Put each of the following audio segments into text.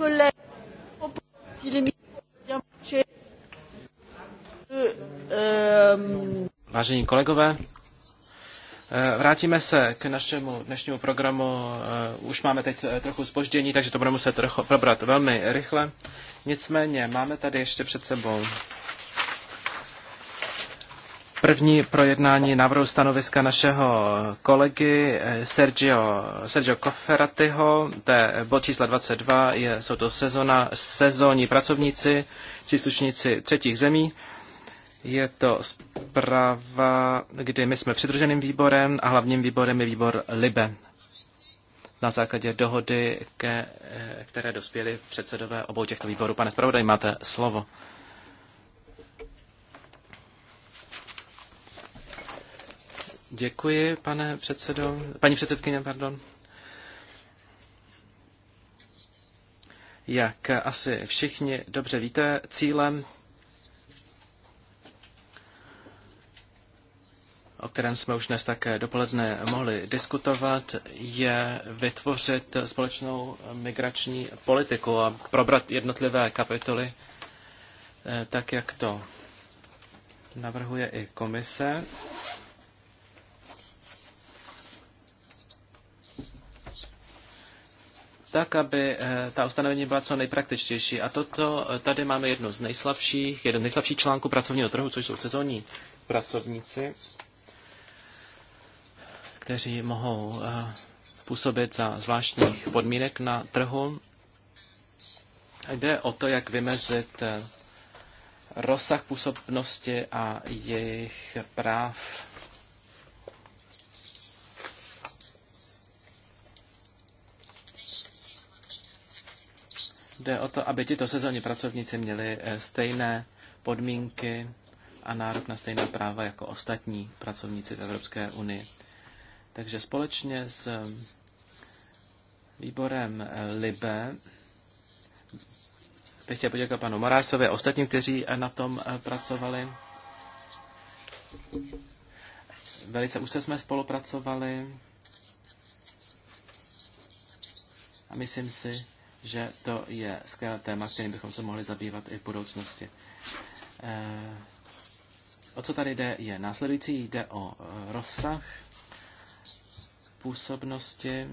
collègues, si les Vážení kolegové, eh, vrátíme se k našemu dnešnímu programu. Eh, už máme teď eh, trochu spoždění, takže to budeme muset probrat velmi rychle. Nicméně máme tady ještě před sebou První projednání návrhu stanoviska našeho kolegy eh, Sergio, Sergio Koferatyho, to je bod čísla 22, je, jsou to sezona, sezónní pracovníci, příslušníci třetích zemí. Je to zpráva, kdy my jsme přidruženým výborem a hlavním výborem je výbor LIBE na základě dohody, ke, eh, které dospěly předsedové obou těchto výborů. Pane zpravodaj, máte slovo. Děkuji, pane předsedo, paní předsedkyně, pardon. Jak asi všichni dobře víte, cílem, o kterém jsme už dnes také dopoledne mohli diskutovat, je vytvořit společnou migrační politiku a probrat jednotlivé kapitoly eh, tak, jak to navrhuje i komise. tak, aby eh, ta ustanovení byla co nejpraktičtější. A toto, eh, tady máme jedno z nejslabších, jeden z nejslabších článků pracovního trhu, což jsou sezónní pracovníci, kteří mohou eh, působit za zvláštních podmínek na trhu. Jde o to, jak vymezit rozsah působnosti a jejich práv Jde o to, aby tito sezónní pracovníci měli eh, stejné podmínky a nárok na stejná práva jako ostatní pracovníci v Evropské unii. Takže společně s eh, výborem eh, LIBE bych chtěl poděkovat panu Morásovi a ostatním, kteří na tom pracovali. Velice už jsme spolupracovali a myslím si, že to je skvělé téma, kterým bychom se mohli zabývat i v budoucnosti. Eh, o co tady jde, je následující. Jde o eh, rozsah působnosti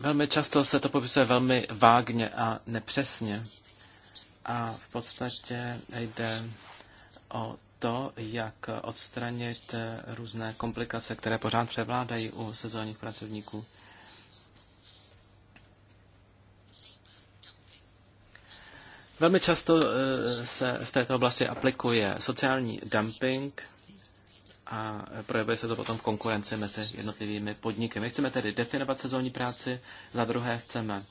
Velmi často se to popisuje velmi vágně a nepřesně. A v podstatě jde o to, jak odstranit různé komplikace, které pořád převládají u sezónních pracovníků. Velmi často eh, se v této oblasti aplikuje sociální dumping a projevuje se to potom v konkurenci mezi jednotlivými podniky. My chceme tedy definovat sezónní práci, za druhé chceme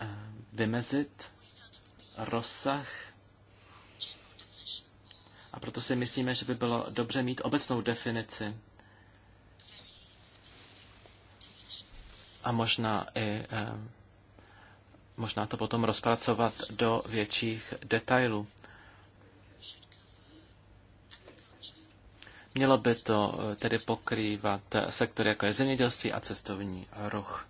eh, vymezit rozsah a proto si myslíme, že by bylo dobře mít obecnou definici. A možná i eh, možná to potom rozpracovat do větších detailů. Mělo by to eh, tedy pokrývat sektory jako je zemědělství a cestovní ruch.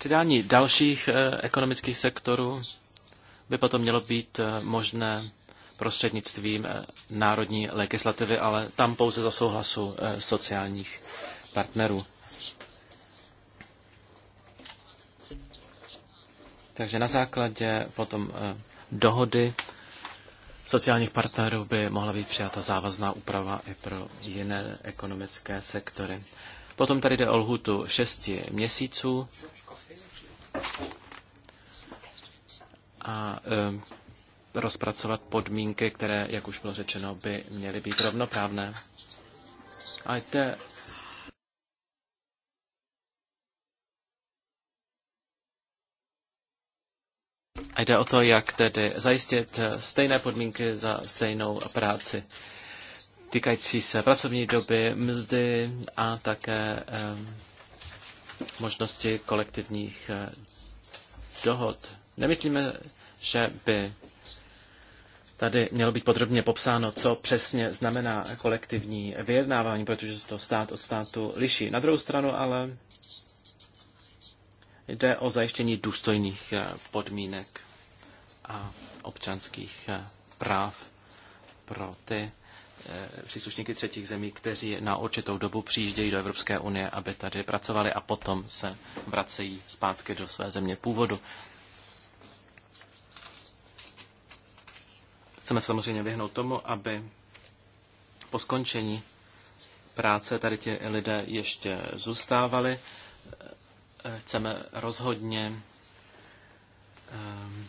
Přidání dalších eh, ekonomických sektorů by potom mělo být eh, možné prostřednictvím eh, národní legislativy, ale tam pouze za souhlasu sociálních partnerů. Takže na základě potom dohody sociálních partnerů by mohla být přijata závazná úprava i pro jiné ekonomické sektory. Potom tady jde o lhutu 6 měsíců a rozpracovat podmínky, které, jak už bylo řečeno, by měly být rovnoprávné. A jde A jde o to, jak tedy zajistit eh, stejné podmínky za stejnou práci týkající se pracovní doby, mzdy a také eh, možnosti kolektivních eh, dohod. Nemyslíme, že by tady mělo být podrobně popsáno, co přesně znamená kolektivní vyjednávání, protože se to stát od státu liší. Na druhou stranu ale jde o zajištění důstojných eh, podmínek a občanských eh, práv pro ty eh, příslušníky třetích zemí, kteří na určitou dobu přijíždějí do Evropské unie, aby tady pracovali a potom se vracejí zpátky do své země původu. Chceme samozřejmě vyhnout tomu, aby po skončení práce tady ti lidé ještě zůstávali. Chceme rozhodně ehm,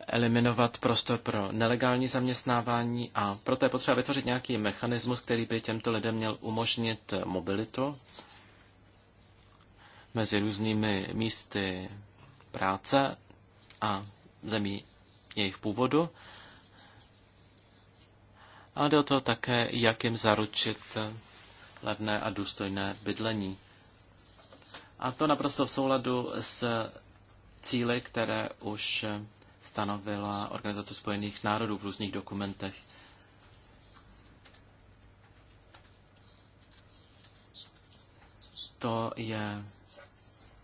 eliminovat prostor pro nelegální zaměstnávání a proto je potřeba vytvořit nějaký mechanismus, který by těmto lidem měl umožnit mobilitu mezi různými místy práce a zemí jejich původu, ale jde o to také, jak jim zaručit levné a důstojné bydlení. A to naprosto v souladu s cíly, které už stanovila Organizace spojených národů v různých dokumentech. To je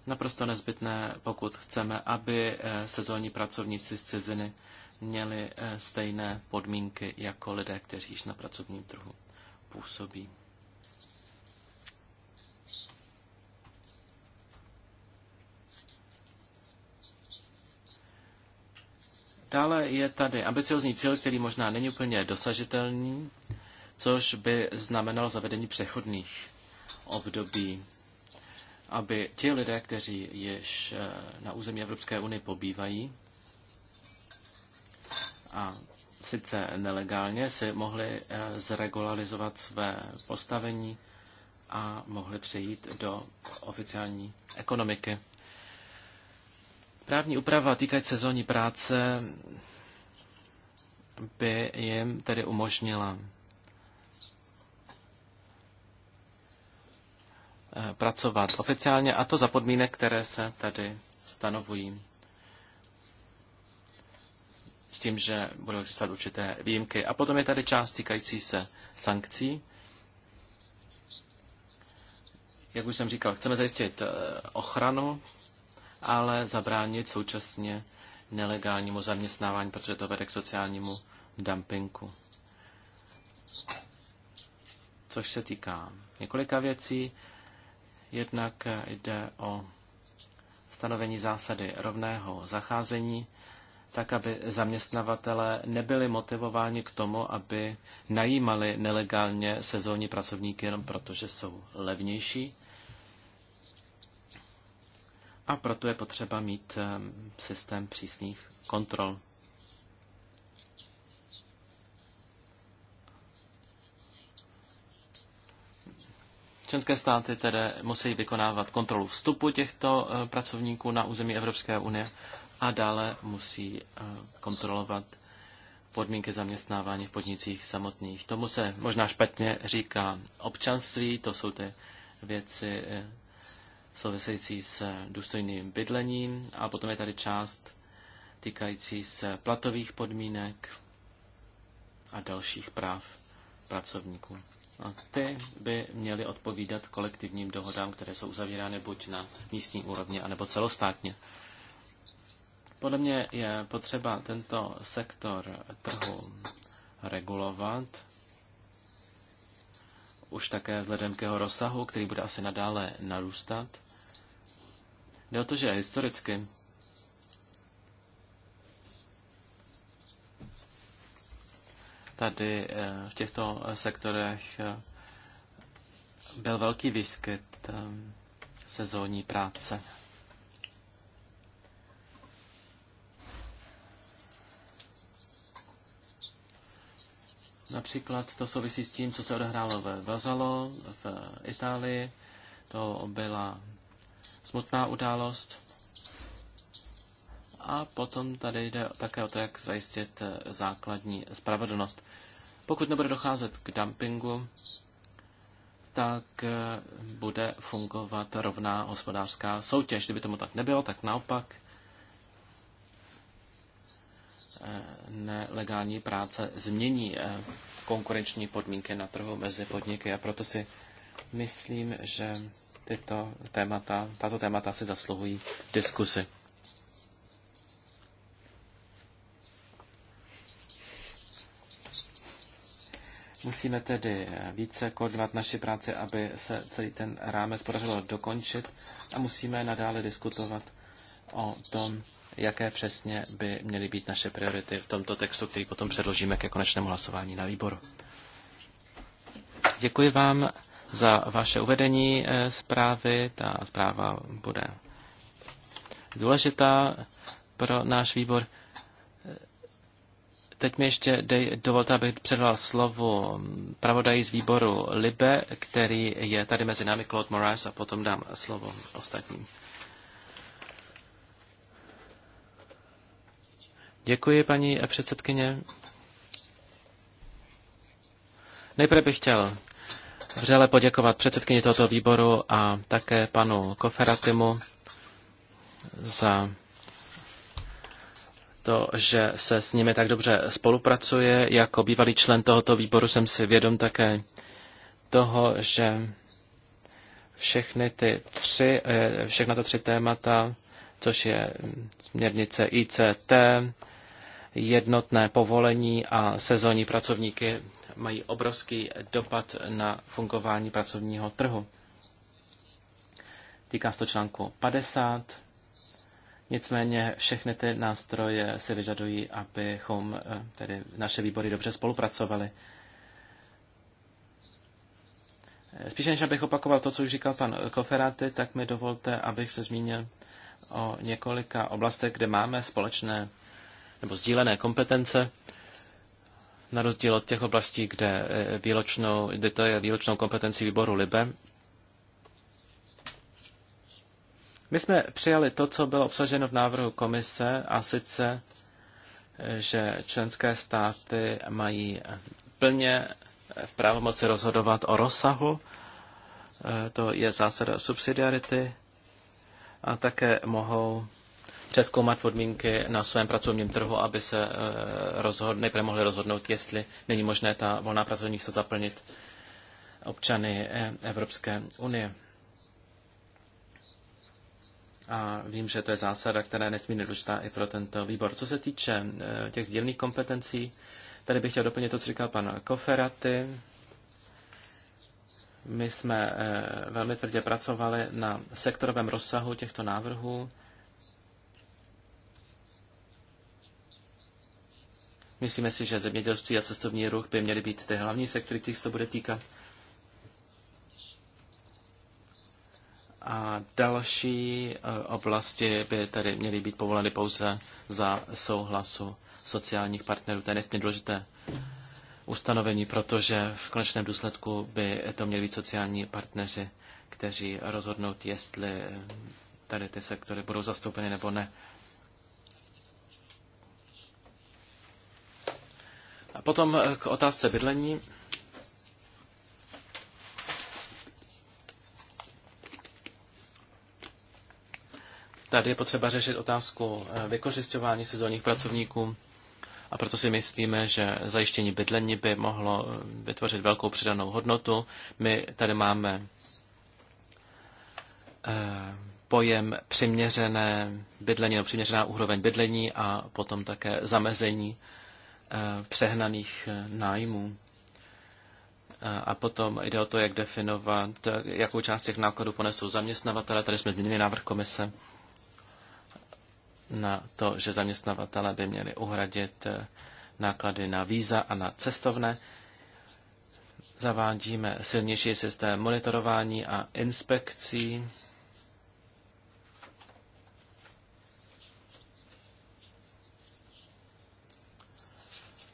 naprosto nezbytné, pokud chceme, aby eh, sezónní pracovníci z ciziny měli eh, stejné podmínky jako lidé, kteří již na pracovním trhu působí. Dále je tady ambiciozní cíl, který možná není úplně dosažitelný, což by znamenalo zavedení přechodných období aby ti lidé, kteří již eh, na území Evropské unie pobývají, a sice nelegálně, si mohli eh, zregularizovat své postavení a mohli přejít do oficiální ekonomiky. Právní úprava týkající sezónní práce by jim tedy umožnila Eh, pracovat oficiálně, a to za podmínek, které se tady stanovují. S tím, že budou existovat určité výjimky. A potom je tady část týkající se sankcí. Jak už jsem říkal, chceme zajistit eh, ochranu, ale zabránit současně nelegálnímu zaměstnávání, protože to vede k sociálnímu dumpingu. Což se týká několika věcí. Jednak jde o stanovení zásady rovného zacházení, tak aby zaměstnavatele nebyli motivováni k tomu, aby najímali nelegálně sezónní pracovníky jenom proto, že jsou levnější. A proto je potřeba mít eh, systém přísných kontrol. Členské státy tedy musí vykonávat kontrolu vstupu těchto eh, pracovníků na území Evropské unie a dále musí eh, kontrolovat podmínky zaměstnávání v podnicích samotných. Tomu se možná špatně říká občanství, to jsou ty věci eh, související s důstojným bydlením a potom je tady část týkající se platových podmínek a dalších práv pracovníků. A ty by měly odpovídat kolektivním dohodám, které jsou uzavírány buď na místní úrovni, anebo celostátně. Podle mě je potřeba tento sektor trhu regulovat, už také vzhledem k jeho rozsahu, který bude asi nadále narůstat. Jde o to, že historicky tady eh, v těchto eh, sektorech eh, byl velký výskyt sezónní práce. Například to souvisí s tím, co se odehrálo ve Vazalo v Itálii. To byla smutná událost. A potom tady jde také o to, jak zajistit základní spravedlnost. Pokud nebude docházet k dumpingu, tak eh, bude fungovat rovná hospodářská soutěž. Kdyby tomu tak nebylo, tak naopak eh, nelegální práce změní eh, konkurenční podmínky na trhu mezi podniky a proto si myslím, že tyto témata, tato témata si zasluhují diskusy. Musíme tedy více koordinovat naši práci, aby se celý ten rámec podařilo dokončit a musíme nadále diskutovat o tom, jaké přesně by měly být naše priority v tomto textu, který potom předložíme ke konečnému hlasování na výboru. Děkuji vám za vaše uvedení eh, zprávy. Ta zpráva bude důležitá pro náš výbor. Teď mi ještě dej, dovolte, abych předal slovo pravodají z výboru Libe, který je tady mezi námi, Claude Morris, a potom dám slovo ostatním. Děkuji, paní předsedkyně. Nejprve bych chtěl vřele poděkovat předsedkyni tohoto výboru a také panu Koferatimu za to, že se s nimi tak dobře spolupracuje. Jako bývalý člen tohoto výboru jsem si vědom také toho, že všechny ty tři, eh, všechna ta tři témata, což je mm, směrnice ICT, jednotné povolení a sezónní pracovníky, mají obrovský dopad na fungování pracovního trhu. Týká se to článku 50 Nicméně všechny ty nástroje si vyžadují, abychom eh, tedy naše výbory dobře spolupracovali. Eh, spíše než abych opakoval to, co už říkal pan Koferáty, tak mi dovolte, abych se zmínil o několika oblastech, kde máme společné nebo sdílené kompetence, na rozdíl od těch oblastí, kde, eh, výločnou, kde to je výločnou kompetencí výboru LIBE. My jsme přijali to, co bylo obsaženo v návrhu komise, a sice, že členské státy mají plně v právomoci rozhodovat o rozsahu, eh, to je zásada subsidiarity, a také mohou přeskoumat podmínky na svém pracovním trhu, aby se eh, rozhod, nejprve mohli rozhodnout, jestli není možné ta volná pracovní místa zaplnit občany eh, Evropské unie a vím, že to je zásada, která je nesmírně důležitá i pro tento výbor. Co se týče eh, těch sdílných kompetencí, tady bych chtěl doplnit to, co říkal pan Koferaty. My jsme eh, velmi tvrdě pracovali na sektorovém rozsahu těchto návrhů. Myslíme si, že zemědělství a cestovní ruch by měly být ty hlavní sektory, kterých se to bude týkat. A další e, oblasti by tedy měly být povoleny pouze za souhlasu sociálních partnerů. To je nesmírně důležité ustanovení, protože v konečném důsledku by to měli být sociální partneři, kteří rozhodnou, jestli tady ty sektory budou zastoupeny nebo ne. A potom e, k otázce bydlení. Tady je potřeba řešit otázku eh, vykořišťování sezónních pracovníků a proto si myslíme, že zajištění bydlení by mohlo eh, vytvořit velkou přidanou hodnotu. My tady máme eh, pojem přiměřené bydlení no přiměřená úroveň bydlení a potom také zamezení přehnaných nájmů. A potom jde o to, jak definovat, jakou část těch nákladů ponesou zaměstnavatele. Tady jsme změnili návrh komise na to, že zaměstnavatele by měli uhradit eh, náklady na víza a na cestovné. Zavádíme silnější systém monitorování a inspekcí.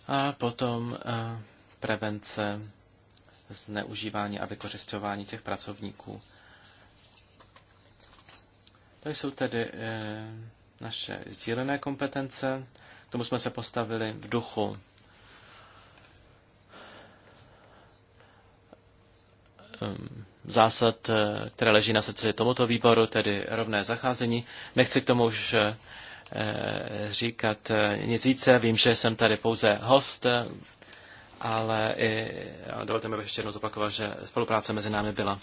A potom eh, prevence zneužívání a vykořišťování těch pracovníků. To jsou tedy eh, naše sdílené kompetence. K tomu jsme se postavili v duchu ehm, zásad, eh, které leží na srdci tomuto výboru, tedy rovné zacházení. Nechci k tomu už eh, říkat eh, nic více. Vím, že jsem tady pouze host, ale i, dovolte mi, bych ještě jednou zopakoval, že spolupráce mezi námi byla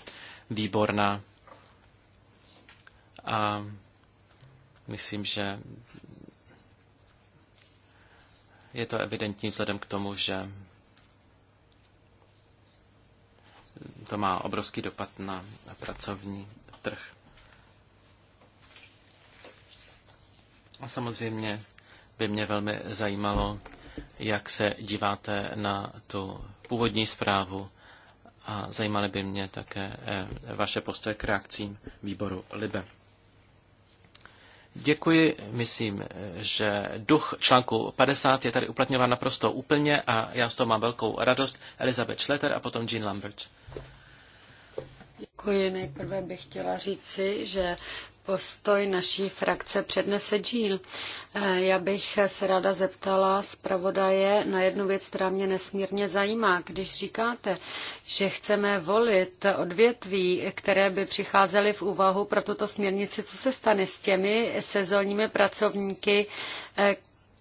výborná. A Myslím, že je to evidentní vzhledem k tomu, že to má obrovský dopad na, pracovní trh. A samozřejmě by mě velmi zajímalo, jak se díváte na tu původní zprávu a zajímaly by mě také eh, vaše postoje k reakcím výboru LIBE. Děkuji. Myslím, že duch článku 50 je tady uplatňován naprosto úplně a já z toho mám velkou radost. Elizabeth Schletter a potom Jean Lambert. Děkuji. Nejprve bych chtěla říci, že postoj naší frakce přednese Jill. Eh, já bych se ráda zeptala zpravodaje na jednu věc, která mě nesmírně zajímá. Když říkáte, že chceme volit odvětví, které by přicházely v úvahu pro tuto směrnici, co se stane s těmi sezónními pracovníky, eh,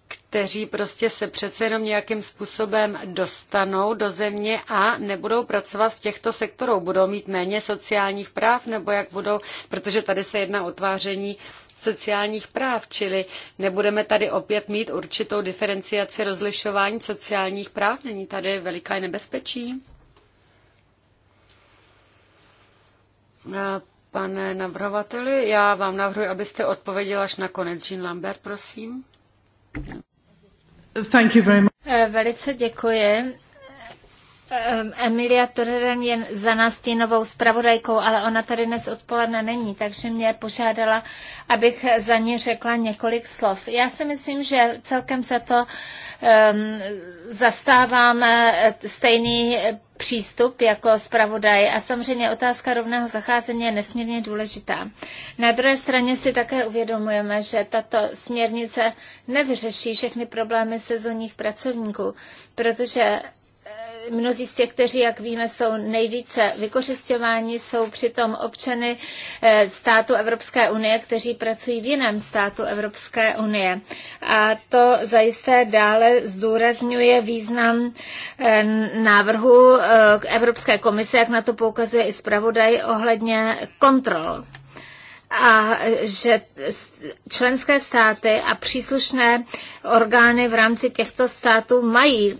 kteří prostě se přece jenom nějakým způsobem dostanou do země a nebudou pracovat v těchto sektorů, budou mít méně sociálních práv, nebo jak budou, protože tady se jedná o tváření sociálních práv, čili nebudeme tady opět mít určitou diferenciaci rozlišování sociálních práv, není tady veliká nebezpečí? Eh, pane navrhovateli, já vám navrhuji, abyste odpověděl až na konec. Jean Lambert, prosím. Thank you very much. Eh, velice děkuji. Emilia Torren je za nás stínovou zpravodajkou, ale ona tady dnes odpoledne není, takže mě požádala, abych za ní řekla několik slov. Já si myslím, že celkem se to Ehm, zastávám eh, stejný přístup jako zpravodaj a samozřejmě otázka rovného zacházení je nesmírně důležitá. Na druhé straně si také uvědomujeme, že tato směrnice nevyřeší všechny problémy sezónních pracovníků, protože mnozí z těch, kteří, jak víme, jsou nejvíce vykořišťováni, jsou přitom občany eh, státu Evropské unie, kteří pracují v jiném státu Evropské unie. A to zajisté dále zdůrazňuje význam eh, návrhu eh, Evropské komise, jak na to poukazuje i zpravodaj ohledně kontrol a že členské státy a příslušné orgány v rámci těchto států mají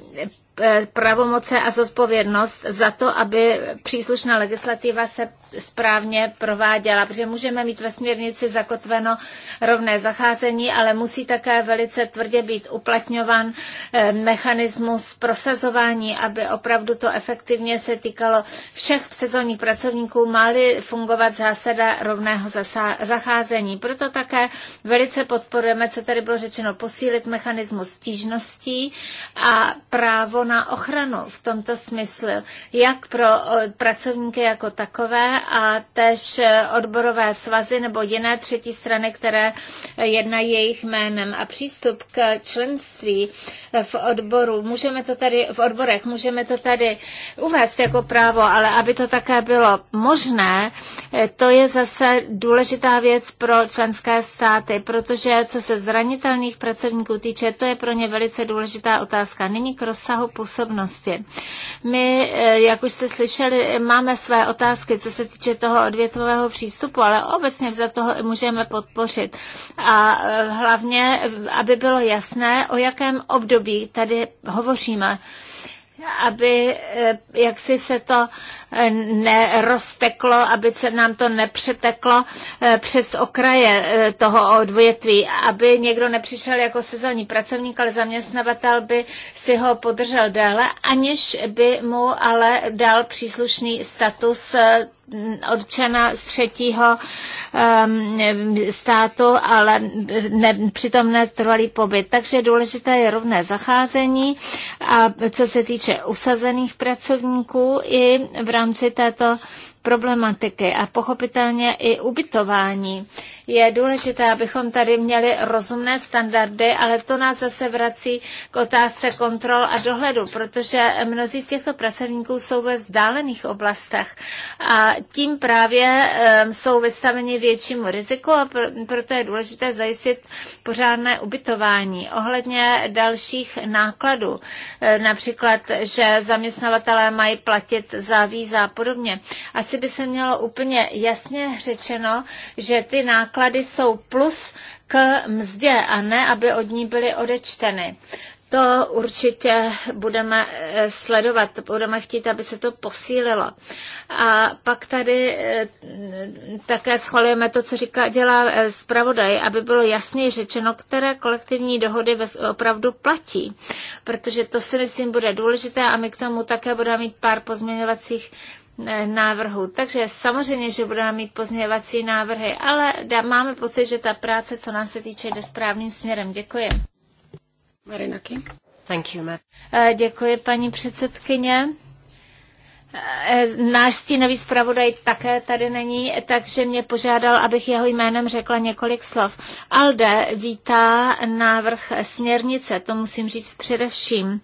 Eh, pravomoce a zodpovědnost za to, aby příslušná legislativa se správně prováděla, protože můžeme mít ve směrnici zakotveno rovné zacházení, ale musí také velice tvrdě být uplatňovan eh, mechanismus prosazování, aby opravdu to efektivně se týkalo všech sezónních pracovníků, máli fungovat zásada rovného zacházení. Proto také velice podporujeme, co tady bylo řečeno, posílit mechanismus stížností a právo na ochranu v tomto smyslu, jak pro eh, pracovníky jako takové a tež eh, odborové svazy nebo jiné třetí strany, které eh, jednají jejich jménem. A přístup k členství v odboru, můžeme to tady, v odborech můžeme to tady uvést jako právo, ale aby to také bylo možné, to je zase důležitá věc pro členské státy, protože co se zranitelných pracovníků týče, to je pro ně velice důležitá otázka. Nyní k rozsahu působnosti. My, eh, jak už jste slyšeli, máme své otázky, co se týče toho odvětvového přístupu, ale obecně za toho můžeme podpořit. A eh, hlavně, aby bylo jasné, o jakém období tady hovoříme aby eh, jak si se to eh, nerozteklo, aby se nám to nepřeteklo eh, přes okraje toho odvětví, aby někdo nepřišel jako sezónní pracovník, ale zaměstnavatel by si ho podržel déle, aniž by mu ale dal příslušný status odčana z třetího um, státu, ale ne, přitom netrvalý pobyt. Takže důležité je rovné zacházení a co se týče usazených pracovníků i v rámci této problematiky a pochopitelně i ubytování. Je důležité, abychom tady měli rozumné standardy, ale to nás zase vrací k otázce kontrol a dohledu, protože mnozí z těchto pracovníků jsou ve vzdálených oblastech a tím právě jsou vystaveni většímu riziku a proto je důležité zajistit pořádné ubytování. Ohledně dalších nákladů, například, že zaměstnavatelé mají platit za víza a podobně. Asi asi by se mělo úplně jasně řečeno, že ty náklady jsou plus k mzdě a ne, aby od ní byly odečteny. To určitě budeme eh, sledovat, budeme chtít, aby se to posílilo. A pak tady eh, také schvalujeme to, co říká, dělá eh, zpravodaj, aby bylo jasně řečeno, které kolektivní dohody opravdu platí. Protože to si myslím bude důležité a my k tomu také budeme mít pár pozměňovacích Návrhu. Takže samozřejmě, že budeme mít pozměňovací návrhy, ale máme pocit, že ta práce, co nás se týče, jde správným směrem. Děkuji. Marinaky. Thank you, Matt. Eh, děkuji, paní předsedkyně. Eh, náš stínový zpravodaj také tady není, takže mě požádal, abych jeho jménem řekla několik slov. Alde vítá návrh směrnice, to musím říct především.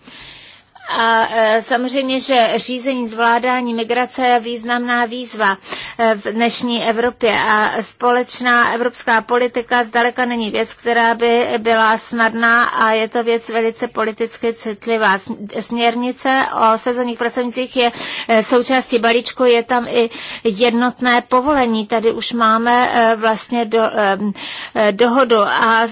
A e, samozřejmě, že řízení zvládání migrace je významná výzva e, v dnešní Evropě a společná evropská politika zdaleka není věc, která by byla snadná a je to věc velice politicky citlivá. Směrnice o sezónních pracovnicích je e, součástí balíčku, je tam i jednotné povolení. Tady už máme vlastně do, dohodu a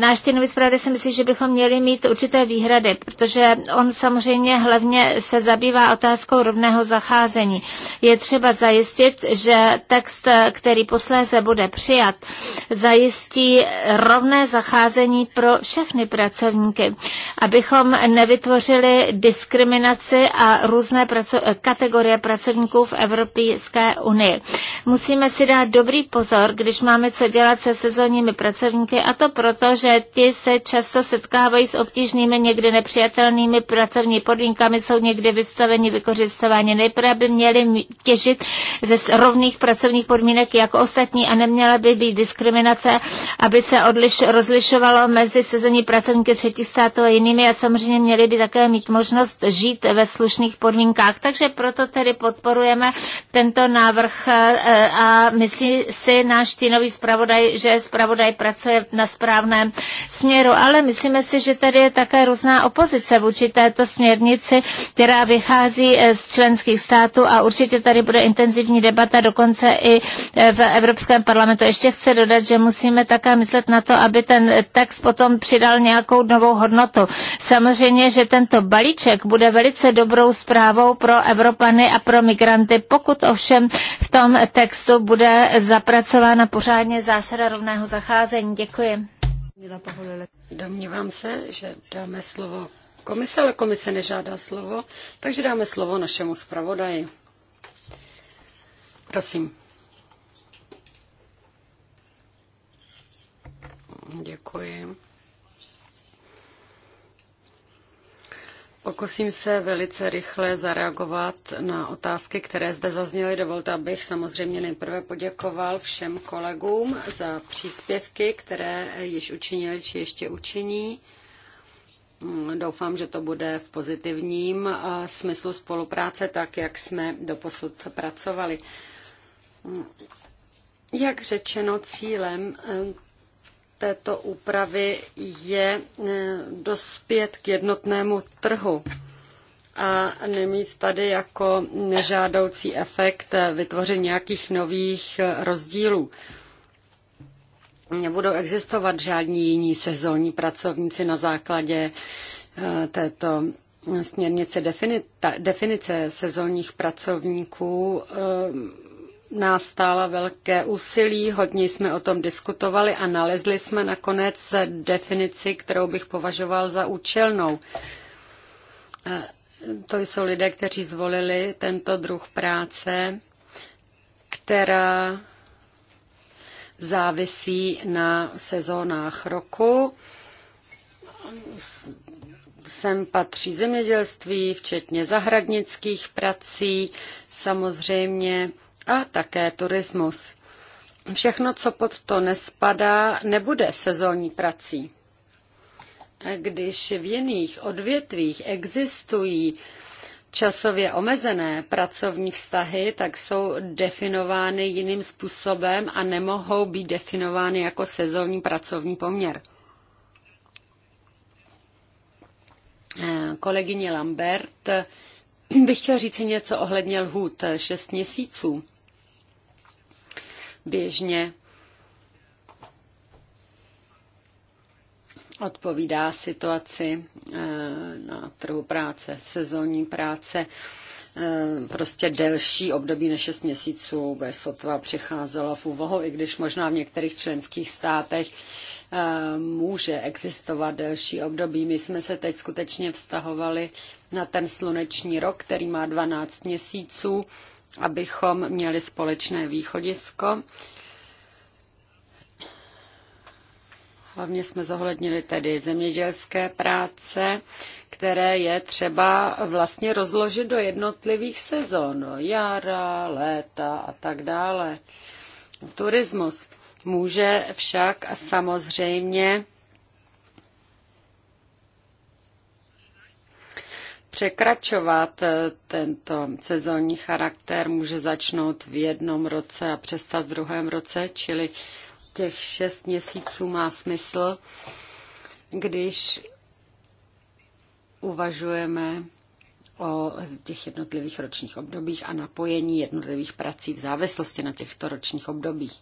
náš stěnový zpravodaj si myslí, že bychom měli mít určité výhrady, protože on samozřejmě samozřejmě hlavně se zabývá otázkou rovného zacházení. Je třeba zajistit, že text, který posléze bude přijat, zajistí rovné zacházení pro všechny pracovníky, abychom nevytvořili diskriminaci a různé praco- kategorie pracovníků v Evropské unii. Musíme si dát dobrý pozor, když máme co dělat se sezónními pracovníky, a to proto, že ti se často setkávají s obtížnými, někdy nepřijatelnými pracovní podmínkami jsou někdy vystaveni vykořistování. Nejprve by měli těžit ze rovných pracovních podmínek jako ostatní a neměla by být diskriminace, aby se odliš, rozlišovalo mezi sezónní pracovníky třetí států a jinými a samozřejmě měli by také mít možnost žít ve slušných podmínkách. Takže proto tedy podporujeme tento návrh eh, a myslí si náš týnový zpravodaj, že zpravodaj pracuje na správném směru, ale myslíme si, že tady je také různá opozice vůči této směru směrnici, která vychází eh, z členských států a určitě tady bude intenzivní debata dokonce i eh, v Evropském parlamentu. Ještě chci dodat, že musíme také myslet na to, aby ten text potom přidal nějakou novou hodnotu. Samozřejmě, že tento balíček bude velice dobrou zprávou pro Evropany a pro migranty, pokud ovšem v tom textu bude zapracována pořádně zásada rovného zacházení. Děkuji. Domnívám se, že dáme slovo komise, ale komise nežádá slovo, takže dáme slovo našemu zpravodaji. Prosím. Děkuji. Pokusím se velice rychle zareagovat na otázky, které zde zazněly. Dovolte, abych samozřejmě nejprve poděkoval všem kolegům za příspěvky, které již učinili či ještě učiní. Mm, doufám, že to bude v pozitivním eh, smyslu spolupráce, tak jak jsme doposud pracovali. Mm. Jak řečeno, cílem eh, této úpravy je eh, dospět k jednotnému trhu a nemít tady jako nežádoucí efekt vytvoření nějakých nových rozdílů nebudou existovat žádní jiní sezónní pracovníci na základě eh, této směrnice definice sezónních pracovníků eh, nás velké úsilí, hodně jsme o tom diskutovali a nalezli jsme nakonec definici, kterou bych považoval za účelnou. Eh, to jsou lidé, kteří zvolili tento druh práce, která závisí na sezónách roku. Sem patří zemědělství, včetně zahradnických prací, samozřejmě a také turismus. Všechno, co pod to nespadá, nebude sezónní prací. Když v jiných odvětvích existují časově omezené pracovní vztahy, tak jsou definovány jiným způsobem a nemohou být definovány jako sezónní pracovní poměr. Eh, kolegyně Lambert bych chtěla říct něco ohledně lhůt 6 eh, měsíců. Běžně odpovídá situaci eh, na trhu práce, sezónní práce. Eh, prostě delší období než 6 měsíců bez sotva přicházelo v úvahu, i když možná v některých členských státech eh, může existovat delší období. My jsme se teď skutečně vztahovali na ten sluneční rok, který má 12 měsíců, abychom měli společné východisko Hlavně jsme zohlednili tedy zemědělské práce, které je třeba vlastně rozložit do jednotlivých sezon, jara, léta a tak dále. Turismus může však samozřejmě překračovat tento sezónní charakter, může začnout v jednom roce a přestat v druhém roce, čili těch šest měsíců má smysl, když uvažujeme o těch jednotlivých ročních obdobích a napojení jednotlivých prací v závislosti na těchto ročních obdobích.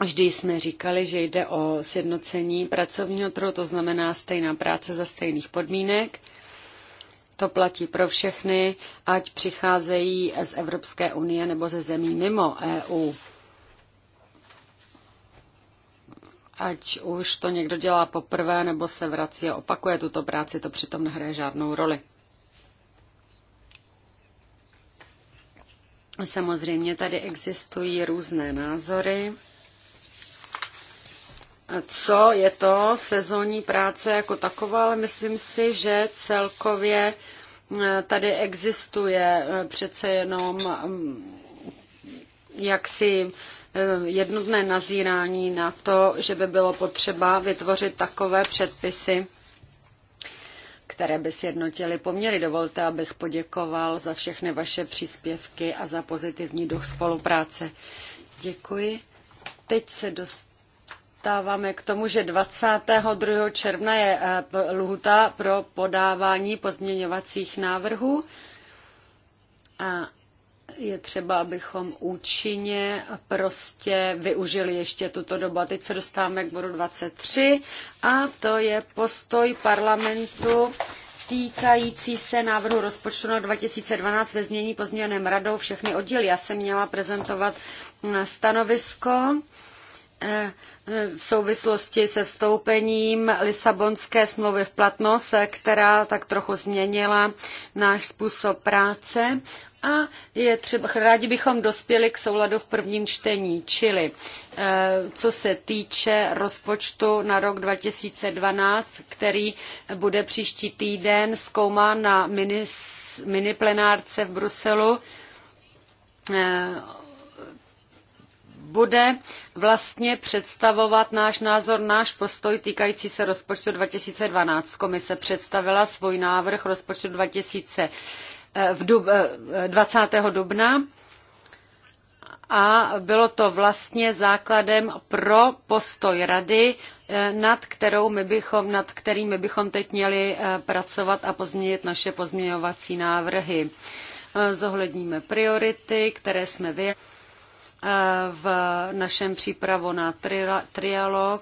Vždy jsme říkali, že jde o sjednocení pracovního trhu, to znamená stejná práce za stejných podmínek. To platí pro všechny, ať přicházejí z Evropské unie nebo ze zemí mimo EU. Ať už to někdo dělá poprvé nebo se vrací a opakuje tuto práci, to přitom nehraje žádnou roli. Samozřejmě tady existují různé názory co je to sezónní práce jako taková, ale myslím si, že celkově eh, tady existuje eh, přece jenom mm, jaksi eh, jednotné nazírání na to, že by bylo potřeba vytvořit takové předpisy, které by sjednotily poměry. Dovolte, abych poděkoval za všechny vaše příspěvky a za pozitivní duch spolupráce. Děkuji. Teď se dostávám dostáváme k tomu, že 22. června je eh, lhuta pro podávání pozměňovacích návrhů. A je třeba, abychom účinně prostě využili ještě tuto dobu. A teď se dostáváme k bodu 23 a to je postoj parlamentu týkající se návrhu rozpočtu na 2012 ve znění pozměněném radou všechny oddíly. Já jsem měla prezentovat eh, stanovisko Eh, v souvislosti se vstoupením Lisabonské smlouvy v platnost, eh, která tak trochu změnila náš způsob práce a je třeba, rádi bychom dospěli k souladu v prvním čtení, čili eh, co se týče rozpočtu na rok 2012, který bude příští týden zkoumán na mini, mini plenárce v Bruselu, bude vlastně představovat náš názor, náš postoj týkající se rozpočtu 2012. Komise představila svůj návrh rozpočtu 2000 eh, v dub, 20. Eh, dubna a bylo to vlastně základem pro postoj rady, eh, nad, kterou my bychom, nad kterým my bychom teď měli pracovat a pozměnit naše pozměňovací návrhy. Zohledníme priority, které jsme vyjádřili v našem přípravu na trialog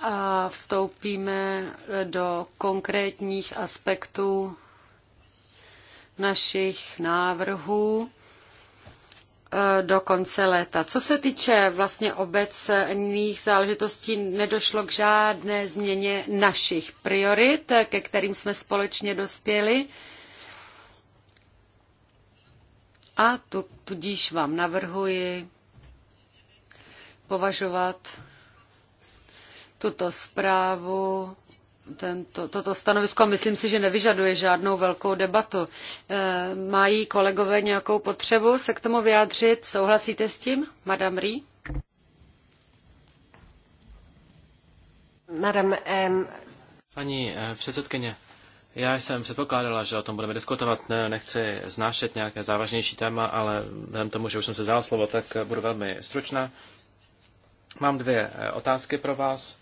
a vstoupíme do konkrétních aspektů našich návrhů eh, do konce léta. Co se týče vlastně obecných záležitostí, nedošlo k žádné změně našich priorit, ke kterým jsme společně dospěli. A tu, tudíž vám navrhuji považovat tuto zprávu tento, toto stanovisko, myslím si, že nevyžaduje žádnou velkou debatu. E, mají kolegové nějakou potřebu se k tomu vyjádřit? Souhlasíte s tím, Madame Rí? Madame, um... Paní e, předsedkyně, já jsem předpokládala, že o tom budeme diskutovat. Ne, nechci znášet nějaké závažnější téma, ale vzhledem tomu, že už jsem se dal slovo, tak budu velmi stručná. Mám dvě eh, otázky pro vás.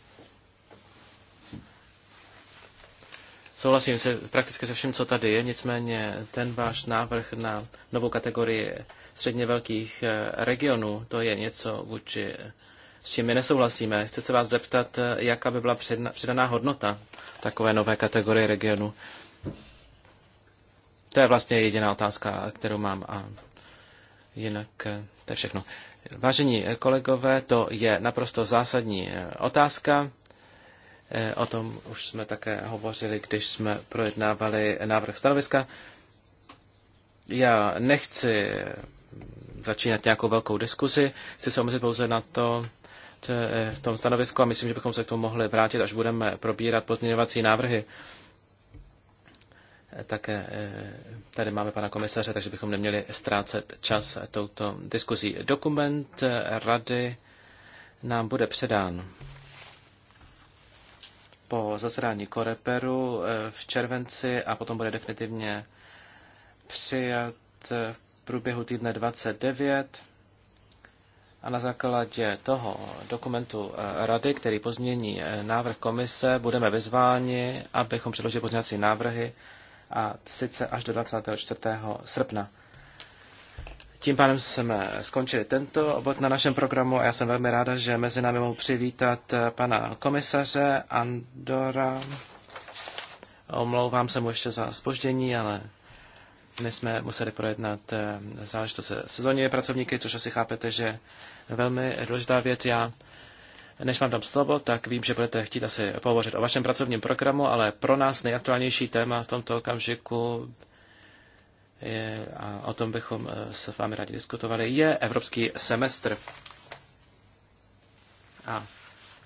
Souhlasím se prakticky se vším, co tady je, nicméně ten váš návrh na novou kategorii středně velkých eh, regionů, to je něco vůči s čím my nesouhlasíme. Chci se vás zeptat, jaká by byla přidaná hodnota takové nové kategorie regionu. To je vlastně jediná otázka, kterou mám a jinak eh, to je všechno. Vážení kolegové, to je naprosto zásadní eh, otázka. Eh, o tom už jsme také hovořili, když jsme projednávali návrh stanoviska. Já nechci začínat nějakou velkou diskusi, chci se omezit pouze na to, Eh, v tom stanovisku a myslím, že bychom se k tomu mohli vrátit, až budeme probírat pozměňovací návrhy. Eh, také eh, tady máme pana komisaře, takže bychom neměli ztrácet čas touto diskuzí. Dokument rady nám bude předán po zasedání Koreperu v červenci a potom bude definitivně přijat v průběhu týdne 29. A na základě toho dokumentu eh, rady, který pozmění eh, návrh komise, budeme vyzváni, abychom předložili pozměňovací návrhy a sice až do 24. srpna. Tím pádem jsme skončili tento bod na našem programu a já jsem velmi ráda, že mezi námi mohu přivítat eh, pana komisaře Andora. Omlouvám se mu ještě za spoždění, ale dnes jsme museli projednat eh, záležitost se sezónními pracovníky, což asi chápete, že velmi důležitá věc. Já, než vám dám slovo, tak vím, že budete chtít asi pohovořit o vašem pracovním programu, ale pro nás nejaktuálnější téma v tomto okamžiku je, a o tom bychom se eh, s vámi rádi diskutovali, je evropský semestr. A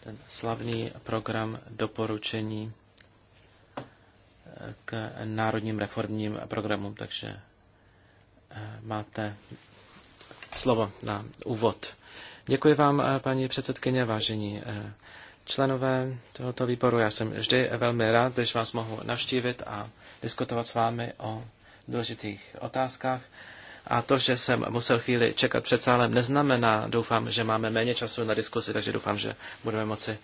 ten slavný program doporučení k národním reformním programům, takže eh, máte slovo na úvod. Děkuji vám, eh, paní předsedkyně, vážení eh, členové tohoto výboru. Já jsem vždy velmi rád, když vás mohu navštívit a diskutovat s vámi o důležitých otázkách. A to, že jsem musel chvíli čekat před sálem, neznamená, doufám, že máme méně času na diskusi, takže doufám, že budeme moci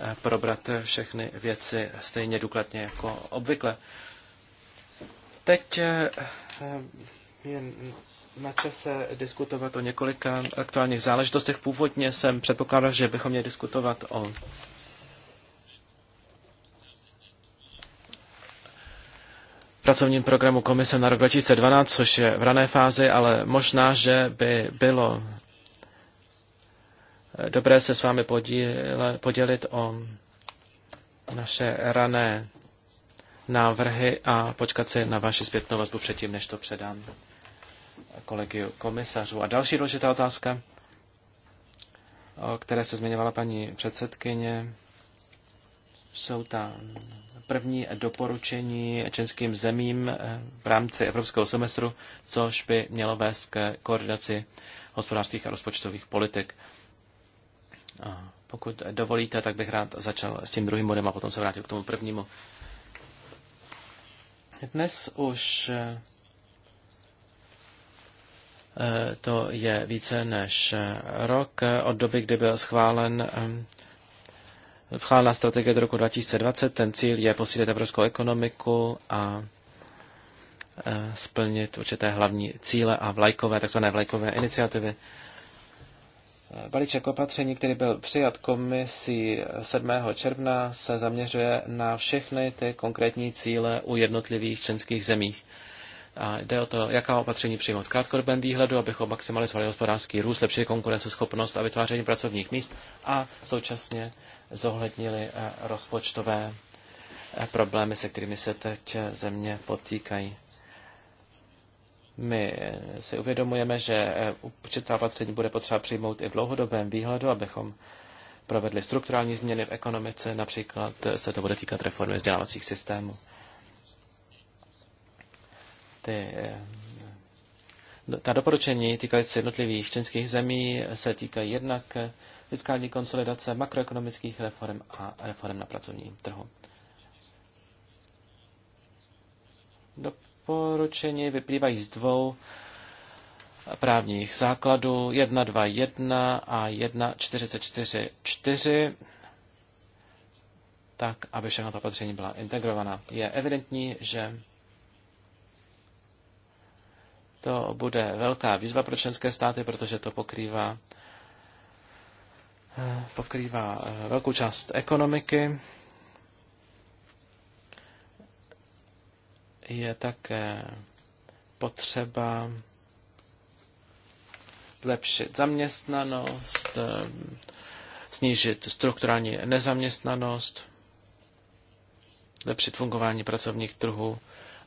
Eh, probrat všechny věci stejně důkladně jako obvykle. Teď eh, eh, je na čase diskutovat o několika aktuálních záležitostech. Původně jsem předpokládal, že bychom měli diskutovat o pracovním programu Komise na rok 2012, což je v rané fázi, ale možná, že by bylo dobré se s vámi podíle, podělit o naše rané návrhy a počkat si na vaši zpětnou vazbu předtím, než to předám kolegiu komisařů. A další důležitá otázka, o které se zmiňovala paní předsedkyně, jsou ta první doporučení českým zemím v rámci evropského semestru, což by mělo vést k koordinaci hospodářských a rozpočtových politik pokud dovolíte, tak bych rád začal s tím druhým bodem a potom se vrátil k tomu prvnímu. Dnes už eh, to je více než eh, rok od doby, kdy byl schválen eh, schválená strategie do roku 2020. Ten cíl je posílit evropskou ekonomiku a splnit určité hlavní cíle a vlajkové, takzvané vlajkové iniciativy. Balíček opatření, který byl přijat komisí 7. června, se zaměřuje na všechny ty konkrétní cíle u jednotlivých členských zemích. A jde o to, jaká opatření přijmout v krátkodobém výhledu, abychom maximalizovali hospodářský růst, lepšili konkurenceschopnost a vytváření pracovních míst a současně zohlednili eh, rozpočtové eh, problémy, se kterými se teď eh, země potýkají. My eh, si uvědomujeme, že eh, určitá opatření bude potřeba přijmout i v dlouhodobém výhledu, abychom provedli strukturální změny v ekonomice, například eh, se to bude týkat reformy vzdělávacích systémů. Ty, ta doporučení týkající se jednotlivých členských zemí se týkají jednak fiskální konsolidace, makroekonomických reform a reform na pracovním trhu doporučení vyplývají z dvou právních základů 1.2.1 a 1.44.4, tak aby všechno ta opatření byla integrovaná. Je evidentní, že to bude velká výzva pro členské státy, protože to pokrývá, eh, pokrývá eh, velkou část ekonomiky je také potřeba zlepšit zaměstnanost, eh, snížit strukturální nezaměstnanost, zlepšit fungování pracovních trhů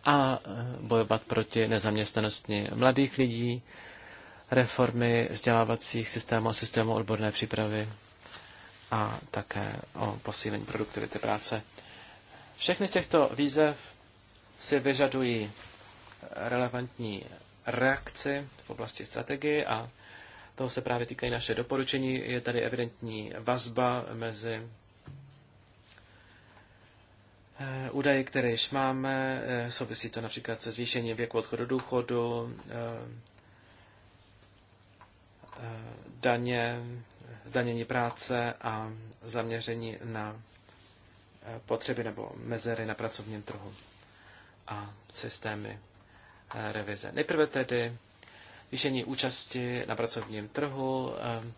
a eh, bojovat proti nezaměstnanosti mladých lidí, reformy vzdělávacích systémů a systému odborné přípravy a také o posílení produktivity práce. Všechny z těchto výzev si vyžadují relevantní reakci v oblasti strategie a toho se právě týkají naše doporučení. Je tady evidentní vazba mezi eh, údaji, které již máme. Eh, souvisí to například se zvýšením věku odchodu důchodu, eh, daně, zdanění práce a zaměření na potřeby nebo mezery na pracovním trhu a systémy eh, revize. Nejprve tedy vyšení účasti na pracovním trhu, eh,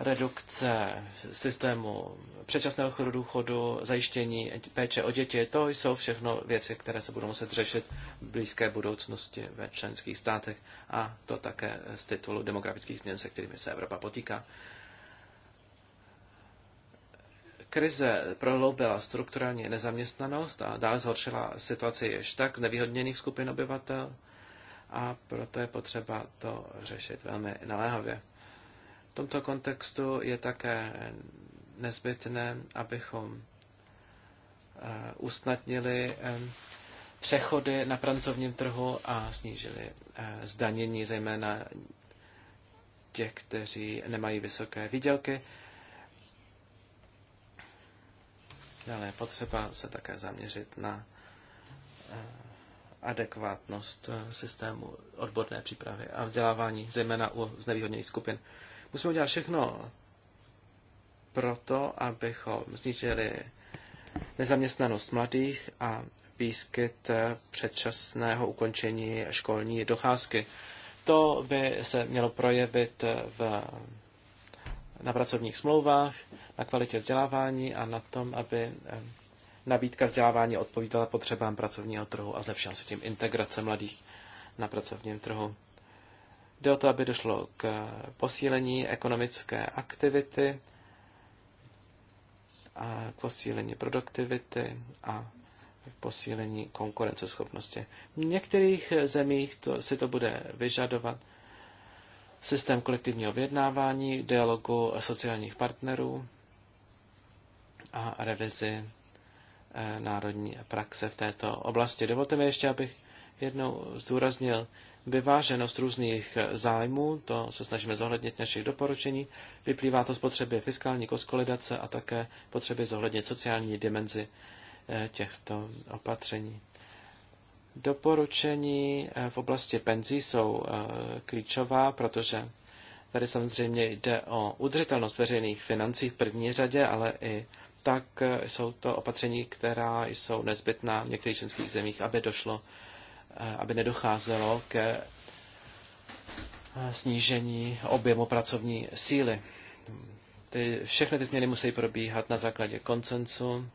redukce systému předčasného chodu důchodu, zajištění péče o děti, to jsou všechno věci, které se budou muset řešit v blízké budoucnosti ve členských státech a to také z titulu demografických změn, se kterými se Evropa potýká. Krize prohloubila strukturální nezaměstnanost a dále zhoršila situaci ještě tak nevýhodněných skupin obyvatel a proto je potřeba to řešit velmi naléhavě. V tomto kontextu je také nezbytné, abychom eh, usnadnili eh, přechody na pracovním trhu a snížili eh, zdanění, zejména těch, kteří nemají vysoké výdělky. Dále je potřeba se také zaměřit na eh, adekvátnost eh, systému odborné přípravy a vzdělávání, zejména u znevýhodněných skupin. Musíme udělat všechno proto, abychom snížili nezaměstnanost mladých a výskyt eh, předčasného ukončení školní docházky. To by se mělo projevit v, na pracovních smlouvách, na kvalitě vzdělávání a na tom, aby eh, nabídka vzdělávání odpovídala potřebám pracovního trhu a zlepšila se tím integrace mladých na pracovním trhu. Jde o to, aby došlo k posílení ekonomické aktivity a k posílení produktivity a k posílení konkurenceschopnosti. V některých zemích to, si to bude vyžadovat systém kolektivního vyjednávání, dialogu sociálních partnerů a revizi eh, národní praxe v této oblasti. Dovolte mi ještě, abych jednou zdůraznil vyváženost různých eh, zájmů, to se snažíme zohlednit našich doporučení, vyplývá to z potřeby fiskální konsolidace a také potřeby zohlednit sociální dimenzi eh, těchto opatření. Doporučení v oblasti penzí jsou klíčová, protože tady samozřejmě jde o udržitelnost veřejných financí v první řadě, ale i tak jsou to opatření, která jsou nezbytná v některých členských zemích, aby došlo, eh, aby nedocházelo ke eh, snížení objemu pracovní síly. Ty, všechny ty změny musí probíhat na základě koncensu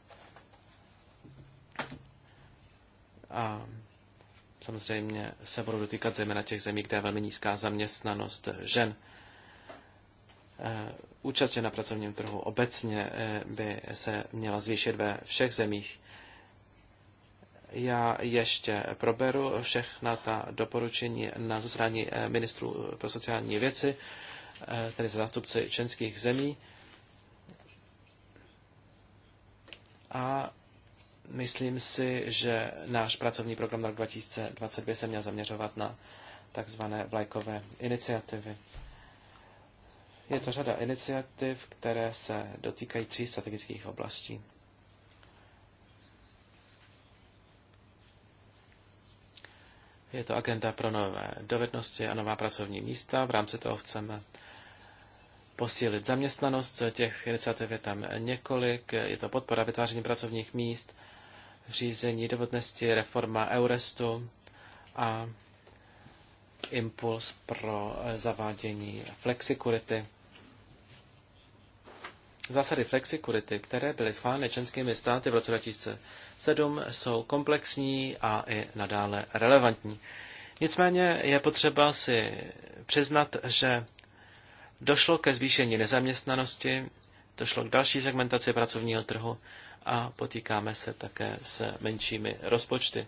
a samozřejmě se budou dotýkat zejména těch zemí, kde je velmi nízká zaměstnanost žen. Eh, účastě na pracovním trhu obecně eh, by se měla zvýšit ve všech zemích. Já ještě proberu všechna ta doporučení na zasedání eh, ministrů pro sociální věci, tedy zástupci členských zemí. A myslím si, že náš pracovní program na rok 2022 se měl zaměřovat na takzvané vlajkové iniciativy. Je to řada iniciativ, které se dotýkají tří strategických oblastí. Je to agenda pro nové dovednosti a nová pracovní místa. V rámci toho chceme posílit zaměstnanost. Těch iniciativ je tam několik. Je to podpora vytváření pracovních míst, řízení dovednosti, reforma Eurestu a impuls pro zavádění flexikurity. Zásady flexikurity, které byly schváleny členskými státy v roce 2007, jsou komplexní a i nadále relevantní. Nicméně je potřeba si přiznat, že došlo ke zvýšení nezaměstnanosti, došlo k další segmentaci pracovního trhu a potýkáme se také s menšími rozpočty.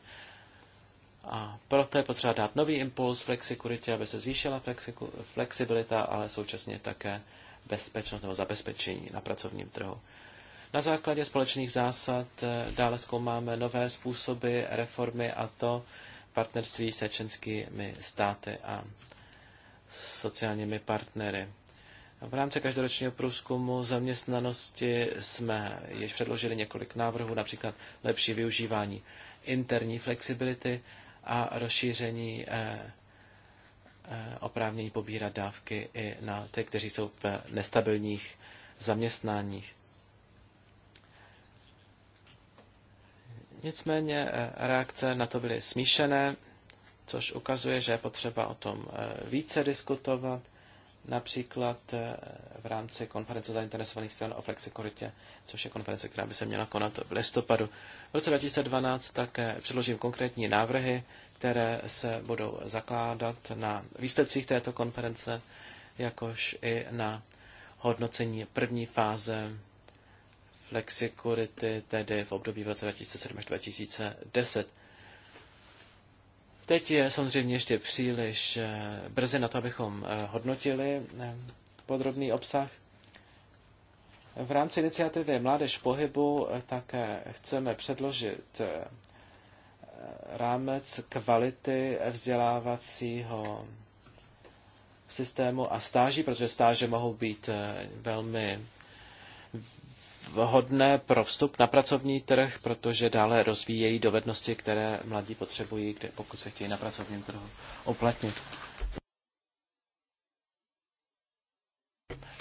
A proto je potřeba dát nový impuls flexikuritě, aby se zvýšila flexibilita, ale současně také bezpečnost nebo zabezpečení na pracovním trhu. Na základě společných zásad eh, dále zkoumáme nové způsoby reformy a to partnerství se členskými státy a sociálními partnery. V rámci každoročního průzkumu zaměstnanosti jsme již předložili několik návrhů, například lepší využívání interní flexibility a rozšíření eh, Eh, oprávnění pobírat dávky i na ty, kteří jsou v nestabilních zaměstnáních. Nicméně eh, reakce na to byly smíšené, což ukazuje, že je potřeba o tom eh, více diskutovat, například v rámci konference zainteresovaných stran o flexikoritě, což je konference, která by se měla konat v listopadu. V roce 2012 také předložím konkrétní návrhy které se budou zakládat na výsledcích této konference, jakož i na hodnocení první fáze flexikurity, tedy v období v roce 2007 až 2010. Teď je samozřejmě ještě příliš eh, brzy na to, abychom eh, hodnotili eh, podrobný obsah. V rámci iniciativy Mládež pohybu také chceme předložit rámec kvality vzdělávacího systému a stáží, protože stáže mohou být eh, velmi vhodné pro vstup na pracovní trh, protože dále rozvíjejí dovednosti, které mladí potřebují, kde, pokud se chtějí na pracovním trhu uplatnit.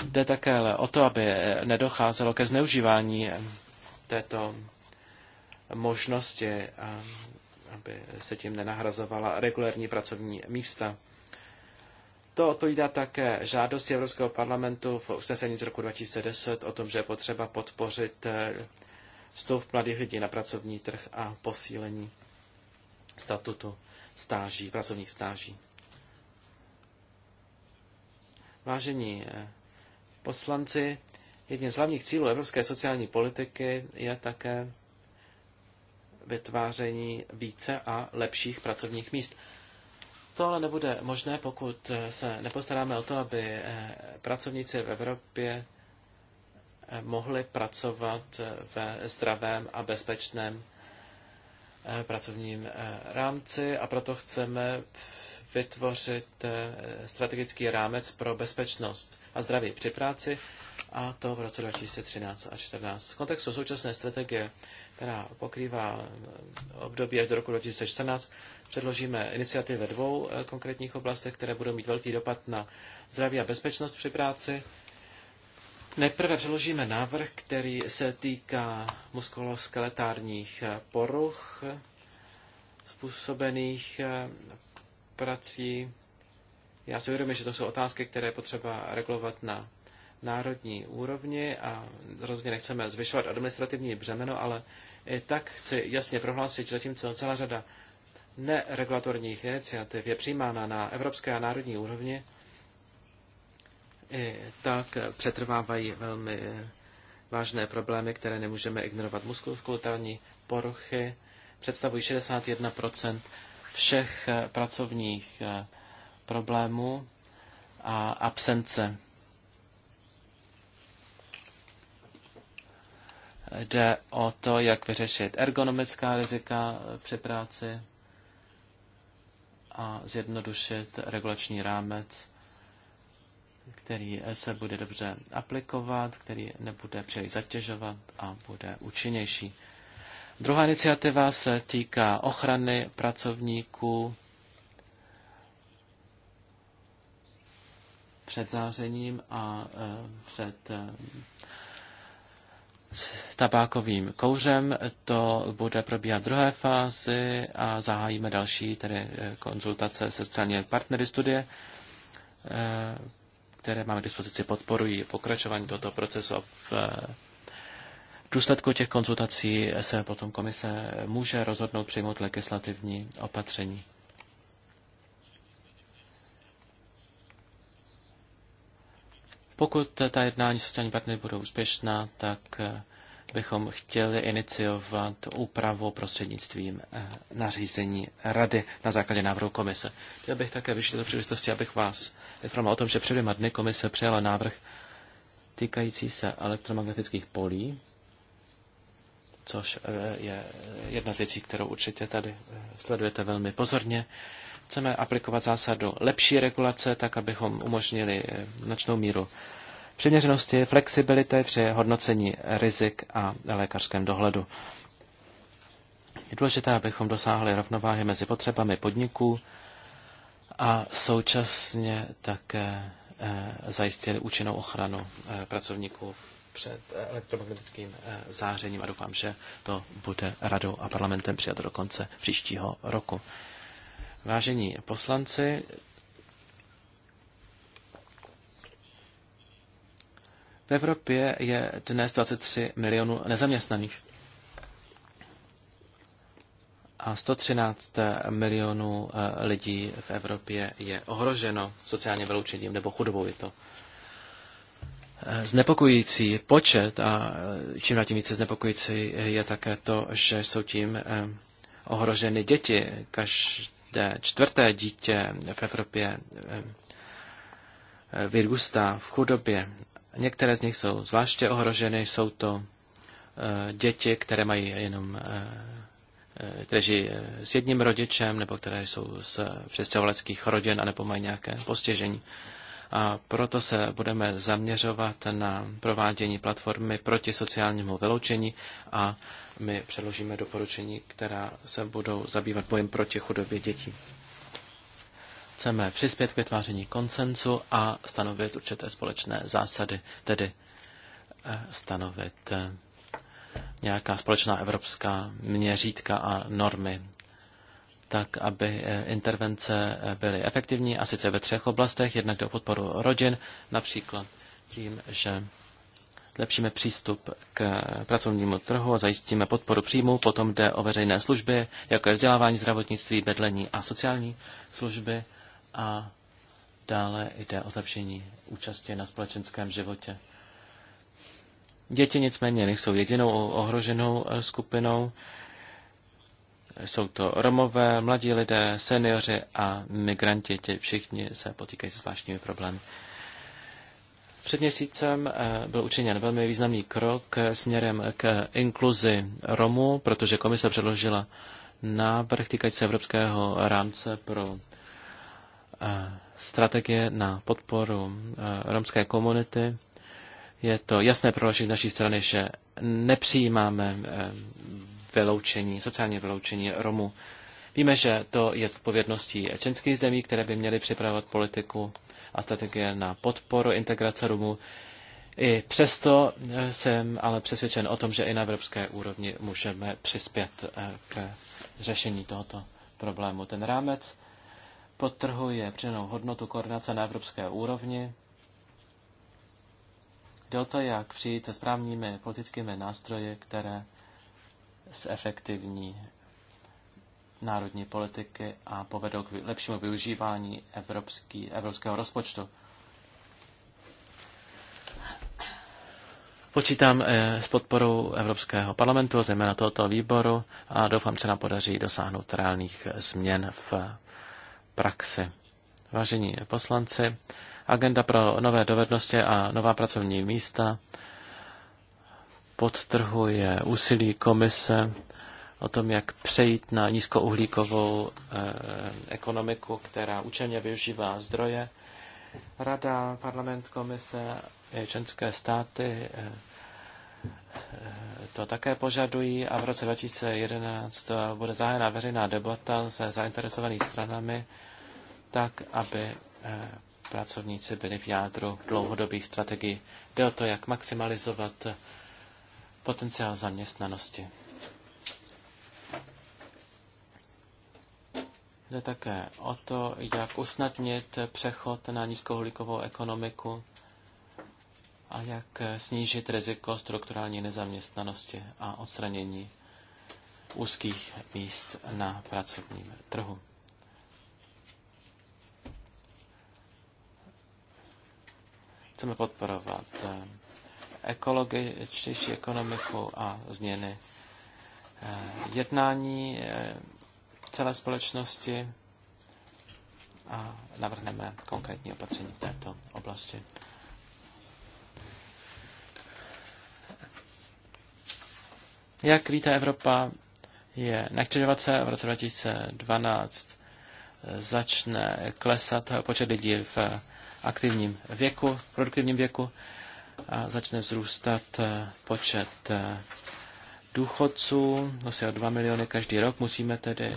Jde také o to, aby eh, nedocházelo ke zneužívání eh, této možnosti a aby se tím nenahrazovala regulární pracovní místa. To odpovídá také žádosti Evropského parlamentu v usnesení z roku 2010 o tom, že je potřeba podpořit eh, vstup mladých lidí na pracovní trh a posílení statutu stáží, pracovních stáží. Vážení eh, poslanci, jedním z hlavních cílů evropské sociální politiky je také vytváření více a lepších pracovních míst. To ale nebude možné, pokud se nepostaráme o to, aby eh, pracovníci v Evropě eh, mohli pracovat eh, ve zdravém a bezpečném pracovním rámci a proto chceme vytvořit strategický rámec pro bezpečnost a zdraví při práci a to v roce 2013 a 2014. V kontextu současné strategie která pokrývá eh, období až do roku 2014, předložíme iniciativy ve dvou eh, konkrétních oblastech, které budou mít velký dopad na zdraví a bezpečnost při práci. Nejprve předložíme návrh, který se týká muskuloskeletárních eh, poruch způsobených prací. Já si uvědomuji, že to jsou otázky, které je potřeba regulovat na národní úrovni a rozhodně nechceme zvyšovat administrativní břemeno, ale tak chci jasně prohlásit, že zatímco celá řada neregulatorních iniciativ je přijímána na evropské a národní úrovni, tak přetrvávají velmi eh, vážné problémy, které nemůžeme ignorovat. Muskulkulturní poruchy představují 61 všech eh, pracovních eh, problémů a absence Jde o to, jak vyřešit ergonomická rizika při práci a zjednodušit regulační rámec, který se bude dobře aplikovat, který nebude příliš zatěžovat a bude účinnější. Druhá iniciativa se týká ochrany pracovníků před zářením a e, před e, s tabákovým kouřem. To bude probíhat v druhé fázi a zahájíme další tedy eh, konzultace se sociálními partnery studie, eh, které máme k dispozici, podporují pokračování tohoto procesu v v eh, důsledku těch konzultací se potom komise může rozhodnout přijmout legislativní opatření. Pokud ta jednání sociální partnery budou úspěšná, tak eh, bychom chtěli iniciovat úpravu prostřednictvím eh, nařízení Rady na základě návrhu komise. Chtěl bych také vyšel do příležitosti, abych vás informoval o tom, že před dvěma dny komise přijala návrh týkající se elektromagnetických polí, což eh, je jedna z věcí, kterou určitě tady sledujete velmi pozorně. Chceme aplikovat zásadu lepší regulace, tak abychom umožnili eh, značnou míru přiměřenosti, flexibility při hodnocení rizik a lékařském dohledu. Je důležité, abychom dosáhli rovnováhy mezi potřebami podniků a současně také eh, zajistili účinnou ochranu eh, pracovníků před elektromagnetickým zářením a doufám, že to bude radou a parlamentem přijato do konce příštího roku. Vážení poslanci, v Evropě je dnes 23 milionů nezaměstnaných a 113 milionů eh, lidí v Evropě je ohroženo sociálně vyloučením nebo chudobou. Je to eh, znepokojící počet a eh, čím na tím více znepokojící je také to, že jsou tím ohroženy děti. Každý každé čtvrté dítě v Evropě eh, vyrůstá v chudobě. Některé z nich jsou zvláště ohroženy, jsou to eh, děti, které mají jenom eh, které žijí s jedním rodičem, nebo které jsou z přestěhovaleckých rodin, nebo mají nějaké postižení. A proto se budeme zaměřovat na provádění platformy proti sociálnímu vyloučení a my přeložíme doporučení, která se budou zabývat bojem proti chudobě dětí. Chceme přispět k vytváření konsenzu a stanovit určité společné zásady, tedy eh, stanovit eh, nějaká společná evropská měřítka a normy, tak aby eh, intervence byly efektivní, a sice ve třech oblastech, jednak do podporu rodin, například tím, že zlepšíme přístup k pracovnímu trhu a zajistíme podporu příjmu. Potom jde o veřejné služby, jako je vzdělávání, zdravotnictví, bedlení a sociální služby. A dále jde o zlepšení účastě na společenském životě. Děti nicméně nejsou jedinou ohroženou eh, skupinou. Jsou to Romové, mladí lidé, seniori a migranti. Ti všichni se potýkají s zvláštními problémy. Před měsícem eh, byl učiněn velmi významný krok eh, směrem k inkluzi Romů, protože komise předložila návrh týkající se Evropského rámce pro eh, strategie na podporu romské komunity. Je to jasné prohlášení naší strany, že nepřijímáme vyloučení, sociální vyloučení Romů. Víme, že to je zpovědností členských zemí, které by měly připravovat politiku a strategie na podporu integrace Rumů. I přesto jsem ale přesvědčen o tom, že i na evropské úrovni můžeme přispět eh, k řešení tohoto problému. Ten rámec podtrhuje přidanou hodnotu koordinace na evropské úrovni. Jde o to, jak přijít se správnými politickými nástroji, které zefektivní národní politiky a povedou k lepšímu využívání evropský, evropského rozpočtu. Počítám eh, s podporou Evropského parlamentu, zejména tohoto výboru a doufám, že nám podaří dosáhnout reálných eh, změn v eh, praxi. Vážení poslanci, agenda pro nové dovednosti a nová pracovní místa podtrhuje úsilí komise o tom, jak přejít na nízkouhlíkovou eh, ekonomiku, která účelně využívá zdroje. Rada, parlament, komise, členské státy eh, eh, to také požadují a v roce 2011 bude zahájena veřejná debata se zainteresovanými stranami, tak aby eh, pracovníci byli v jádru dlouhodobých strategií. Jde o to, jak maximalizovat eh, potenciál zaměstnanosti. Jde také o to, jak usnadnit přechod na nízkouhlíkovou ekonomiku a jak snížit riziko strukturální nezaměstnanosti a odstranění úzkých míst na pracovním trhu. Chceme podporovat eh, ekologičtější ekonomiku a změny eh, jednání eh, celé společnosti a navrhneme konkrétní opatření v této oblasti. Jak víte, Evropa je na křižovatce v roce 2012 začne klesat počet lidí v aktivním věku, v produktivním věku a začne vzrůstat počet důchodců, asi o 2 miliony každý rok. Musíme tedy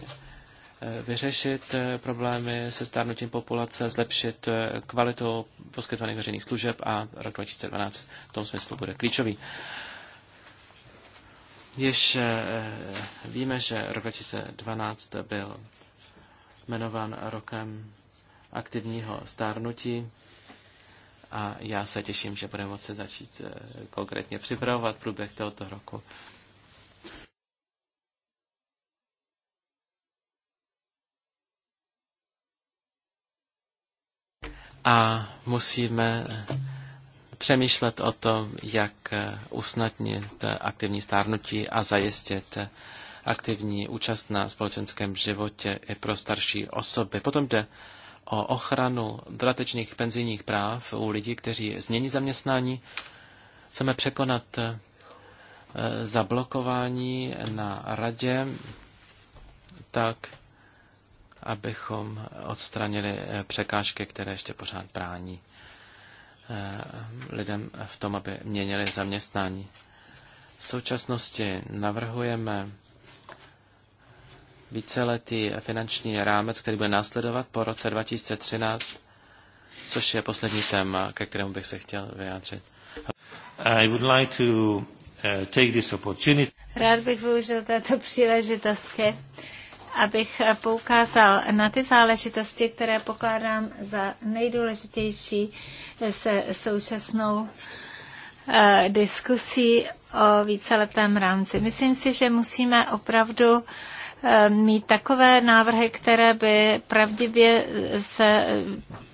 Eh, vyřešit eh, problémy se stárnutím populace, zlepšit eh, kvalitu poskytovaných veřejných služeb a rok 2012 v tom smyslu bude klíčový. Již víme, že rok 2012 byl jmenován rokem aktivního stárnutí a já se těším, že budeme moci začít konkrétně připravovat průběh tohoto roku. a musíme přemýšlet o tom, jak eh, usnadnit eh, aktivní stárnutí a zajistit eh, aktivní účast na společenském životě i pro starší osoby. Potom jde o ochranu dodatečných penzijních práv u lidí, kteří změní zaměstnání. Chceme překonat zablokování na radě tak, abychom odstranili eh, překážky, které ještě pořád brání eh, lidem v tom, aby měnili zaměstnání. V současnosti navrhujeme víceletý finanční rámec, který bude následovat po roce 2013, což je poslední téma, ke kterému bych se chtěl vyjádřit. I would like to eh, take this opportunity. Rád bych využil této příležitosti abych poukázal na ty záležitosti, které pokládám za nejdůležitější se současnou eh, diskusí o víceletém rámci. Myslím si, že musíme opravdu eh, mít takové návrhy, které by pravdivě se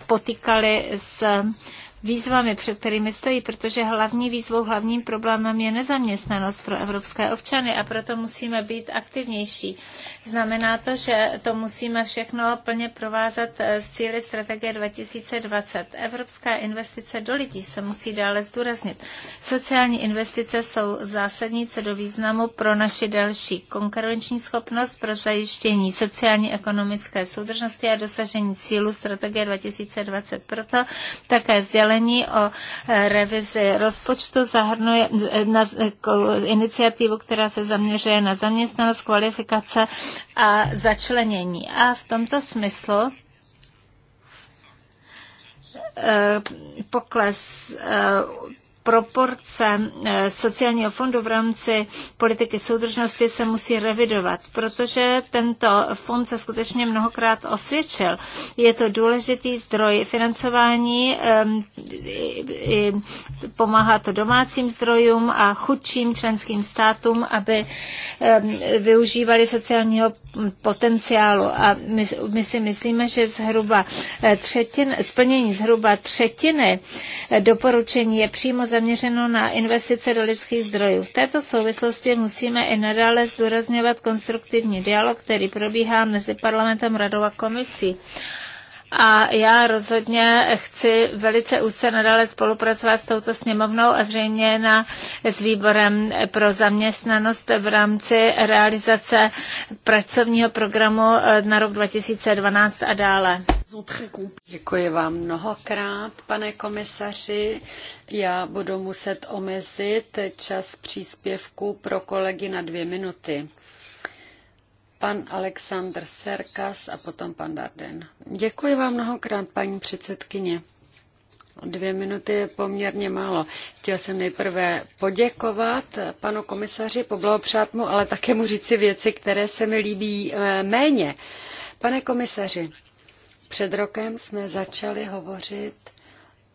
potýkaly s výzvami, před kterými stojí, protože hlavní výzvou, hlavním problémem je nezaměstnanost pro evropské občany a proto musíme být aktivnější. Znamená to, že to musíme všechno plně provázat eh, s cíly strategie 2020. Evropská investice do lidí se musí dále zdůraznit. Sociální investice jsou zásadní co do významu pro naši další konkurenční schopnost pro zajištění sociální ekonomické soudržnosti a dosažení cílu strategie 2020. Proto také sdělení o eh, revizi rozpočtu zahrnuje eh, na iniciativu, která se zaměřuje na zaměstnanost, kvalifikace a začlenění. A v tomto smyslu eh, pokles eh, proporce eh, sociálního fondu v rámci politiky soudržnosti se musí revidovat, protože tento fond se skutečně mnohokrát osvědčil. Je to důležitý zdroj financování, ehm, pomáhá to domácím zdrojům a chudším členským státům, aby ehm, využívali sociálního potenciálu. A my, my si myslíme, že zhruba eh, třetin, splnění zhruba třetiny eh, doporučení je přímo zaměřeno na investice do lidských zdrojů. V této souvislosti musíme i nadále zdůrazňovat konstruktivní dialog, který probíhá mezi parlamentem, radou a komisí a já rozhodně chci velice úzce nadále spolupracovat s touto sněmovnou a zřejmě na, s výborem pro zaměstnanost v rámci realizace pracovního programu eh, na rok 2012 a dále. Děkuji vám mnohokrát, pane komisaři. Já budu muset omezit čas příspěvku pro kolegy na dvě minuty pan Aleksandr Serkas a potom pan Darden. Děkuji vám mnohokrát, paní předsedkyně. Dvě minuty je poměrně málo. Chtěl jsem nejprve poděkovat panu komisaři, poblahopřát mu, ale také mu říci věci, které se mi líbí eh, méně. Pane komisaři, před rokem jsme začali hovořit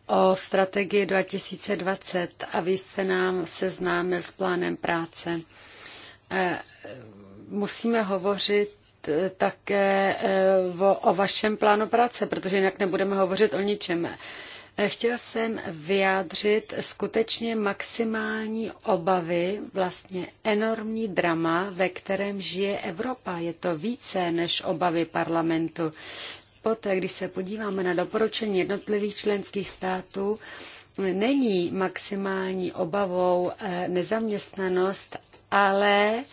o strategii 2020 a vy jste nám seznámil s plánem práce eh, musíme hovořit eh, také eh, o vašem plánu práce, protože jinak nebudeme hovořit o ničem. Eh, chtěla jsem vyjádřit skutečně maximální obavy, vlastně enormní drama, ve kterém žije Evropa. Je to více než obavy parlamentu. Poté, když se podíváme na doporučení jednotlivých členských států, není maximální obavou nezaměstnanost, ale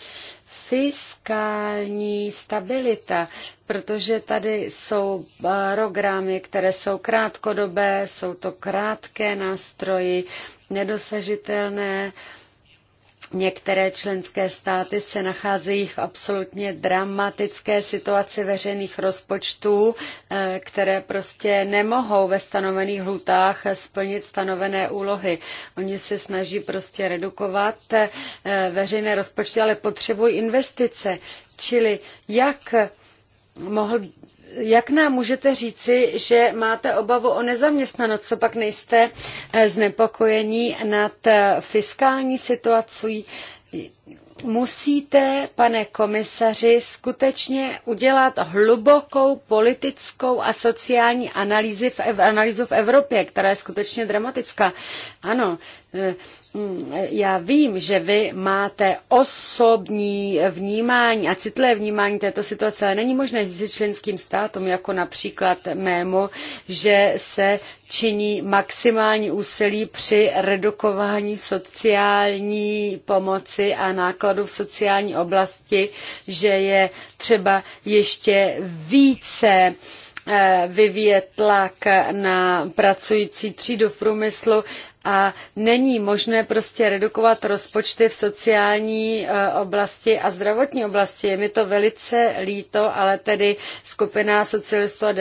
fiskální stabilita, protože tady jsou eh, programy, které jsou krátkodobé, jsou to krátké nástroji, nedosažitelné, Některé členské státy se nacházejí v absolutně dramatické situaci veřejných rozpočtů, eh, které prostě nemohou ve stanovených hlutách splnit stanovené úlohy. Oni se snaží prostě redukovat eh, veřejné rozpočty, ale potřebují investice. Čili jak mohl, jak nám můžete říci, že máte obavu o nezaměstnanost, co pak nejste eh, znepokojení nad eh, fiskální situací? Musíte, pane komisaři, skutečně udělat hlubokou politickou a sociální v, analýzu v Evropě, která je skutečně dramatická. Ano, Eh, já vím, že vy máte osobní vnímání a citlivé vnímání této situace, ale není možné říct členským státům, jako například mému, že se činí maximální úsilí při redukování sociální pomoci a nákladů v sociální oblasti, že je třeba ještě více eh, vyvíjet tlak na pracující třídu v průmyslu a není možné prostě redukovat rozpočty v sociální e, oblasti a zdravotní oblasti. Je mi to velice líto, ale tedy skupina socialistů a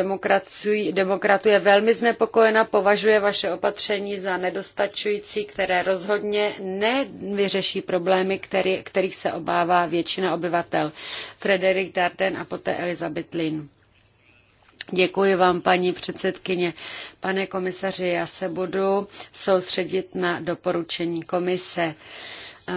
demokratů je velmi znepokojena, považuje vaše opatření za nedostačující, které rozhodně nevyřeší problémy, který, kterých se obává většina obyvatel. Frederik Darden a poté Elizabeth Lynn. Děkuji vám, paní předsedkyně. Pane komisaři, já se budu soustředit na doporučení komise.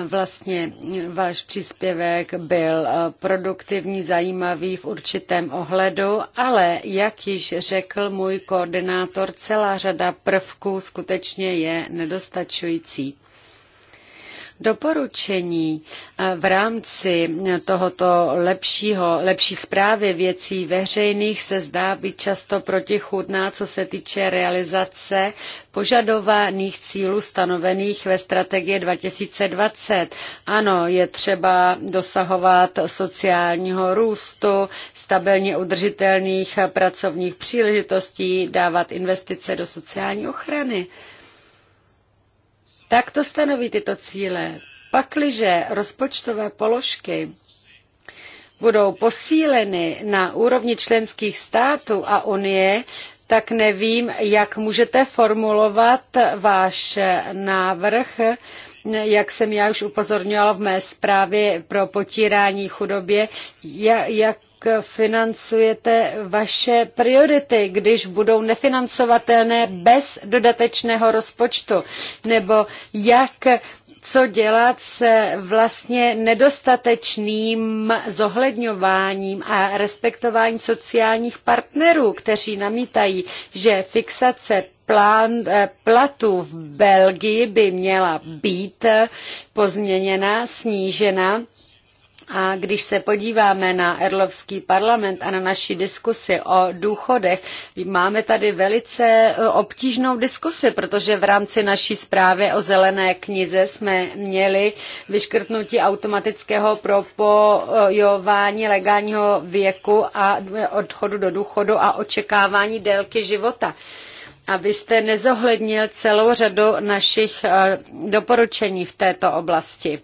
Vlastně váš příspěvek byl eh, produktivní, zajímavý v určitém ohledu, ale jak již řekl můj koordinátor, celá řada prvků skutečně je nedostačující doporučení eh, v rámci tohoto lepšího, lepší zprávy věcí veřejných se zdá být často protichůdná, co se týče realizace požadovaných cílů stanovených ve strategii 2020. Ano, je třeba dosahovat sociálního růstu, stabilně udržitelných pracovních příležitostí, dávat investice do sociální ochrany tak to stanoví tyto cíle. Pakliže rozpočtové položky budou posíleny na úrovni členských států a Unie, tak nevím, jak můžete formulovat váš návrh, jak jsem já už upozorňovala v mé zprávě pro potírání chudobě, jak jak financujete vaše priority, když budou nefinancovatelné bez dodatečného rozpočtu? Nebo jak co dělat se vlastně nedostatečným zohledňováním a respektováním sociálních partnerů, kteří namítají, že fixace plán, eh, platů v Belgii by měla být pozměněna, snížena a když se podíváme na Erlovský parlament a na naši diskusi o důchodech, máme tady velice e, obtížnou diskusi, protože v rámci naší zprávy o zelené knize jsme měli vyškrtnutí automatického propojování legálního věku a odchodu do důchodu a očekávání délky života abyste nezohlednil celou řadu našich e, doporučení v této oblasti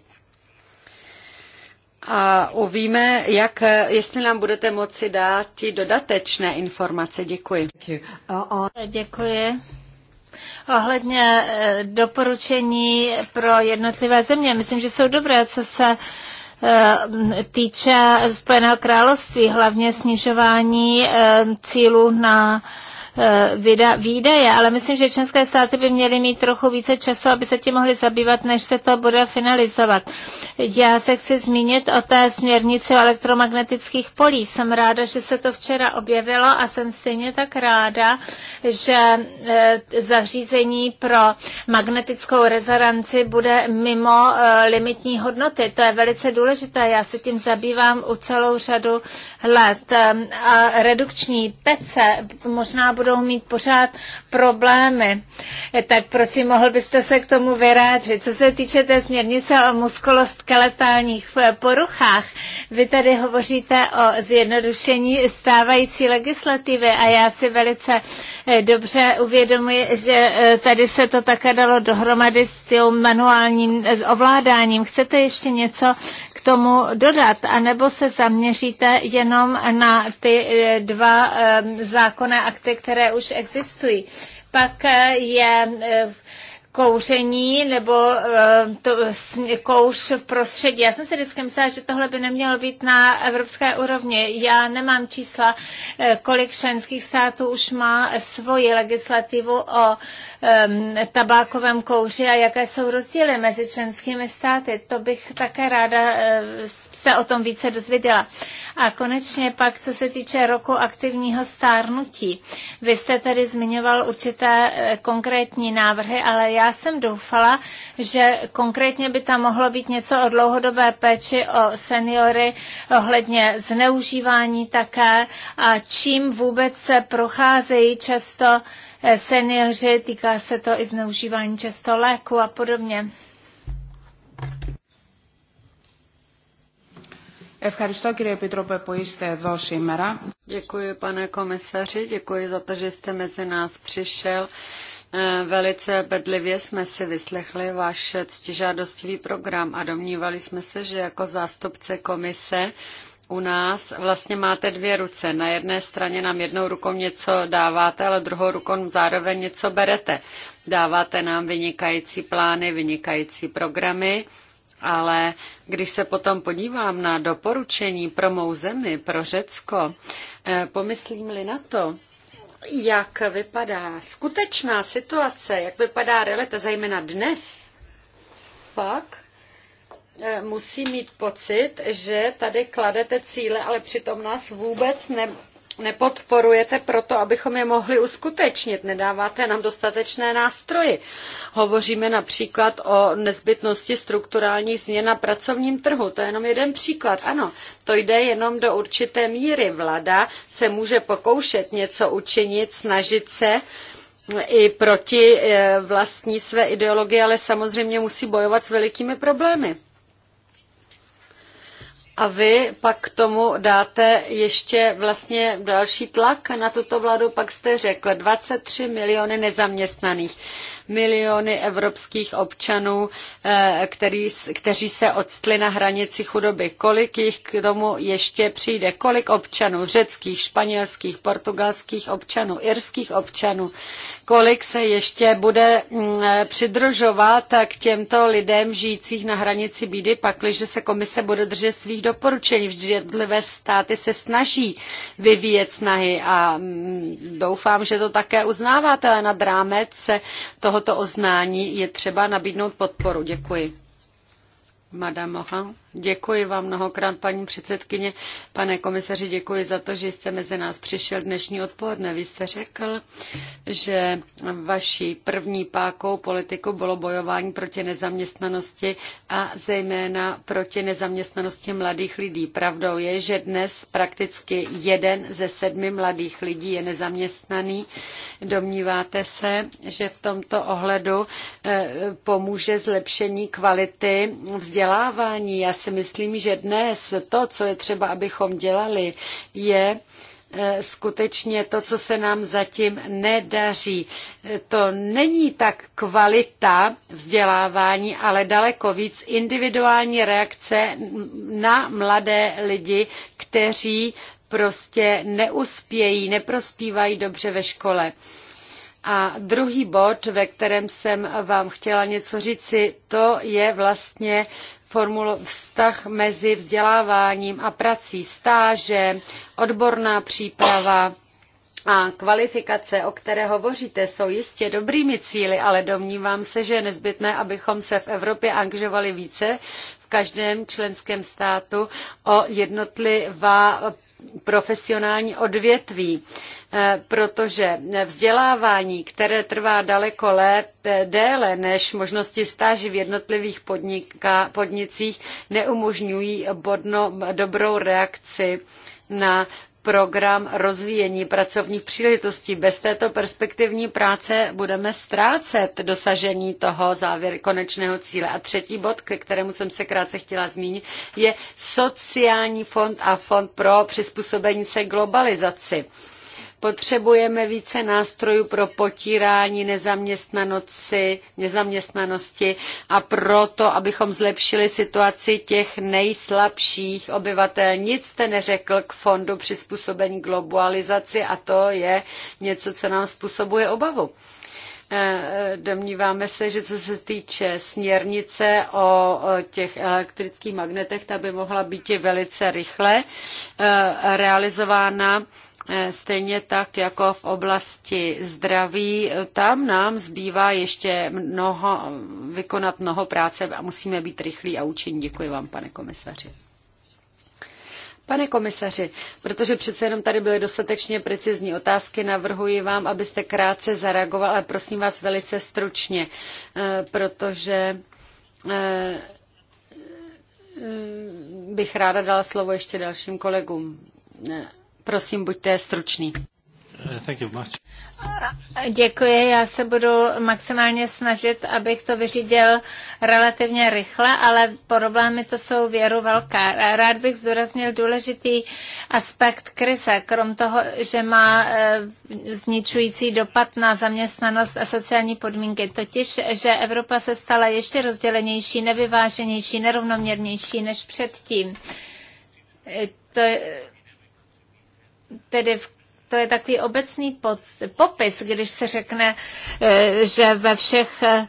a uvíme, jak, jestli nám budete moci dát ti dodatečné informace. Děkuji. Děkuji. Ohledně eh, doporučení pro jednotlivé země, myslím, že jsou dobré, co se eh, týče Spojeného království, hlavně snižování eh, cílů na Eh, výdaje, ale myslím, že členské státy by měly mít trochu více času, aby se tím mohly zabývat, než se to bude finalizovat. Já se chci zmínit o té směrnici o elektromagnetických polí. Jsem ráda, že se to včera objevilo a jsem stejně tak ráda, že eh, zařízení pro magnetickou rezonanci bude mimo eh, limitní hodnoty. To je velice důležité. Já se tím zabývám u celou řadu let. A redukční pece možná bude budou mít pořád problémy. E, tak prosím, mohl byste se k tomu vyjádřit. Co se týče té směrnice o muskuloskeletálních e, poruchách, vy tady hovoříte o zjednodušení stávající legislativy a já si velice e, dobře uvědomuji, že tady se to také dalo dohromady s tím manuálním ovládáním. Chcete ještě něco tomu dodat, anebo se zaměříte jenom na ty eh, dva eh, zákonné akty, které už existují. Pak eh, je kouření nebo eh, to, kouř v prostředí. Já jsem si vždycky myslela, že tohle by nemělo být na evropské úrovni. Já nemám čísla, eh, kolik členských států už má svoji legislativu o tabákovém kouři a jaké jsou rozdíly mezi členskými státy. To bych také ráda eh, se o tom více dozvěděla. A konečně pak, co se týče roku aktivního stárnutí. Vy jste tady zmiňoval určité konkrétní návrhy, ale já já jsem doufala, že konkrétně by tam mohlo být něco o dlouhodobé péči o seniory, ohledně zneužívání také a čím vůbec se procházejí často eh, seniori, týká se to i zneužívání často léku a podobně. Ευχαριστώ κύριε Επίτροπε που είστε εδώ σήμερα. Děkuji pane komisaři, děkuji za to, že jste mezi nás přišel. Eh, velice bedlivě jsme si vyslechli váš ctižádostivý program a domnívali jsme se, že jako zástupce komise u nás vlastně máte dvě ruce. Na jedné straně nám jednou rukou něco dáváte, ale druhou rukou zároveň něco berete. Dáváte nám vynikající plány, vynikající programy, ale když se potom podívám na doporučení pro mou zemi, pro Řecko, eh, pomyslím-li na to, jak vypadá skutečná situace, jak vypadá realita, zejména dnes, pak eh, musí mít pocit, že tady kladete cíle, ale přitom nás vůbec ne, nepodporujete proto, abychom je mohli uskutečnit. Nedáváte nám dostatečné nástroje. Hovoříme například o nezbytnosti strukturálních změn na pracovním trhu. To je jenom jeden příklad. Ano, to jde jenom do určité míry. Vlada se může pokoušet něco učinit, snažit se, i proti eh, vlastní své ideologii, ale samozřejmě musí bojovat s velikými problémy. A vy pak k tomu dáte ještě vlastně další tlak na tuto vládu, pak jste řekl 23 miliony nezaměstnaných miliony evropských občanů, eh, který, kteří se odstli na hranici chudoby. Kolik jich k tomu ještě přijde? Kolik občanů, řeckých, španělských, portugalských občanů, irských občanů, kolik se ještě bude mm, eh, přidružovat k těmto lidem žijících na hranici bídy, pakliže se komise bude držet svých doporučení. Vždy jednotlivé státy se snaží vyvíjet snahy a mm, doufám, že to také uznáváte, ale nad rámec toho tohoto oznání je třeba nabídnout podporu. Děkuji. Madame Morin. Děkuji vám mnohokrát, paní předsedkyně. Pane komisaři, děkuji za to, že jste mezi nás přišel dnešní odpoledne. Vy jste řekl, že vaší první pákou politiku bylo bojování proti nezaměstnanosti a zejména proti nezaměstnanosti mladých lidí. Pravdou je, že dnes prakticky jeden ze sedmi mladých lidí je nezaměstnaný. Domníváte se, že v tomto ohledu eh, pomůže zlepšení kvality vzdělávání? Já si myslím, že dnes to, co je třeba, abychom dělali, je eh, skutečně to, co se nám zatím nedaří. To není tak kvalita vzdělávání, ale daleko víc individuální reakce na mladé lidi, kteří prostě neuspějí, neprospívají dobře ve škole. A druhý bod, ve kterém jsem vám chtěla něco říci, to je vlastně formulo- vztah mezi vzděláváním a prací, stáže, odborná příprava. A kvalifikace, o které hovoříte, jsou jistě dobrými cíly, ale domnívám se, že je nezbytné, abychom se v Evropě angažovali více v každém členském státu o jednotlivá profesionální odvětví. Eh, protože vzdělávání, které trvá daleko déle než možnosti stáži v jednotlivých podniká, podnicích, neumožňují bodno, dobrou reakci na program rozvíjení pracovních příležitostí. Bez této perspektivní práce budeme ztrácet dosažení toho závěr konečného cíle. A třetí bod, ke kterému jsem se krátce chtěla zmínit, je sociální fond a fond pro přizpůsobení se globalizaci Potřebujeme více nástrojů pro potírání nezaměstnanosti, nezaměstnanosti a proto, abychom zlepšili situaci těch nejslabších obyvatel. Nic jste neřekl k fondu přizpůsobení globalizaci a to je něco, co nám způsobuje obavu. Eh, eh, domníváme se, že co se týče směrnice o těch elektrických magnetech, ta by mohla být velice rychle eh, realizována Eh, stejně tak jako v oblasti zdraví, eh, tam nám zbývá ještě mnoho, vykonat mnoho práce a musíme být rychlí a účinní. Děkuji vám, pane komisaři. Pane komisaři, protože přece jenom tady byly dostatečně precizní otázky, navrhuji vám, abyste krátce zareagoval, ale prosím vás velice stručně, eh, protože bych ráda dala slovo ještě dalším kolegům. Prosím, buďte stručný. Thank you much. Děkuji, já se budu maximálně snažit, abych to vyřídil relativně rychle, ale problémy to jsou věru velká. Rád bych zdůraznil důležitý aspekt krize, krom toho, že má eh, zničující dopad na zaměstnanost a sociální podmínky, totiž, že Evropa se stala ještě rozdělenější, nevyváženější, nerovnoměrnější než předtím. Eh, to je tedy v to je takový obecný pod, popis, když se řekne, eh, že ve všech eh,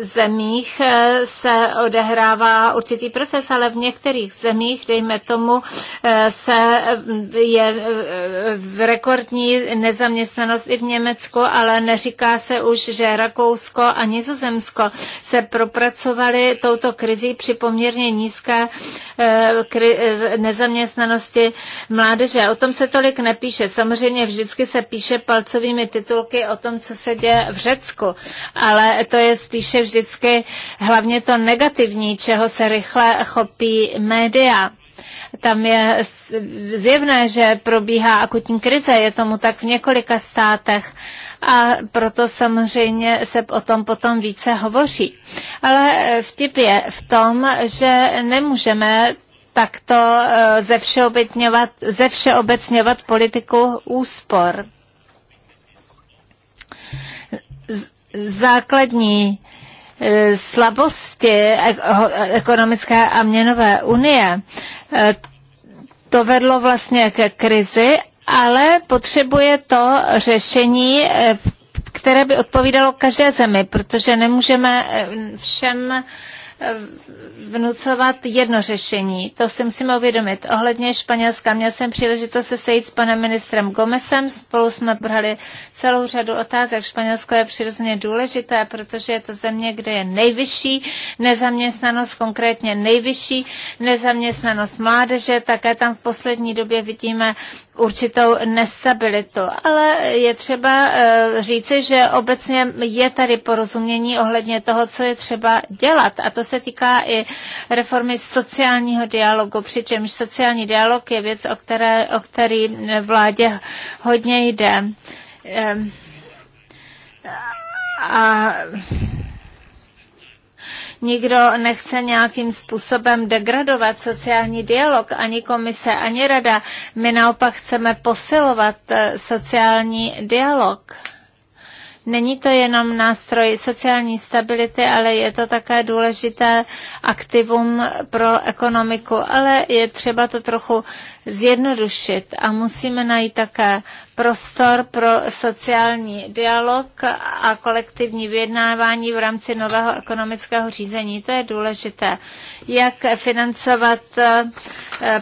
zemích eh, se odehrává určitý proces, ale v některých zemích, dejme tomu, eh, se eh, je rekordní nezaměstnanost i v Německu, ale neříká se už, že Rakousko a Nizozemsko se propracovali touto krizí při poměrně nízké nezaměstnanosti mládeže. O tom se tolik nepíše. Samozřejmě vždycky se píše palcovými titulky o tom, co se děje v Řecku, ale to je spíše vždycky hlavně to negativní, čeho se rychle chopí média tam je zjevné, že probíhá akutní krize, je tomu tak v několika státech a proto samozřejmě se o tom potom více hovoří. Ale eh, vtip je v tom, že nemůžeme takto eh, zevšeobecňovat, zevšeobecňovat politiku úspor základní eh, slabosti ekonomické a měnové unie, eh, to vedlo vlastně ke krizi, ale potřebuje to řešení eh, které by odpovídalo každé zemi, protože nemůžeme všem vnucovat jedno řešení. To si musíme uvědomit. Ohledně Španělska měl jsem příležitost se sejít s panem ministrem Gomesem. Spolu jsme brali celou řadu otázek. Španělsko je přirozeně důležité, protože je to země, kde je nejvyšší nezaměstnanost, konkrétně nejvyšší nezaměstnanost mládeže. Také tam v poslední době vidíme určitou nestabilitu. Ale je třeba eh, říci, že obecně je tady porozumění ohledně toho, co je třeba dělat. A to se týká i reformy sociálního dialogu, přičemž sociální dialog je věc, o, které, o který vládě hodně jde. Ehm, a Nikdo nechce nějakým způsobem degradovat sociální dialog, ani komise, ani rada. My naopak chceme posilovat eh, sociální dialog. Není to jenom nástroj sociální stability, ale je to také důležité aktivum pro ekonomiku, ale je třeba to trochu zjednodušit a musíme najít také prostor pro sociální dialog a kolektivní vyjednávání v rámci nového ekonomického řízení. To je důležité. Jak financovat eh,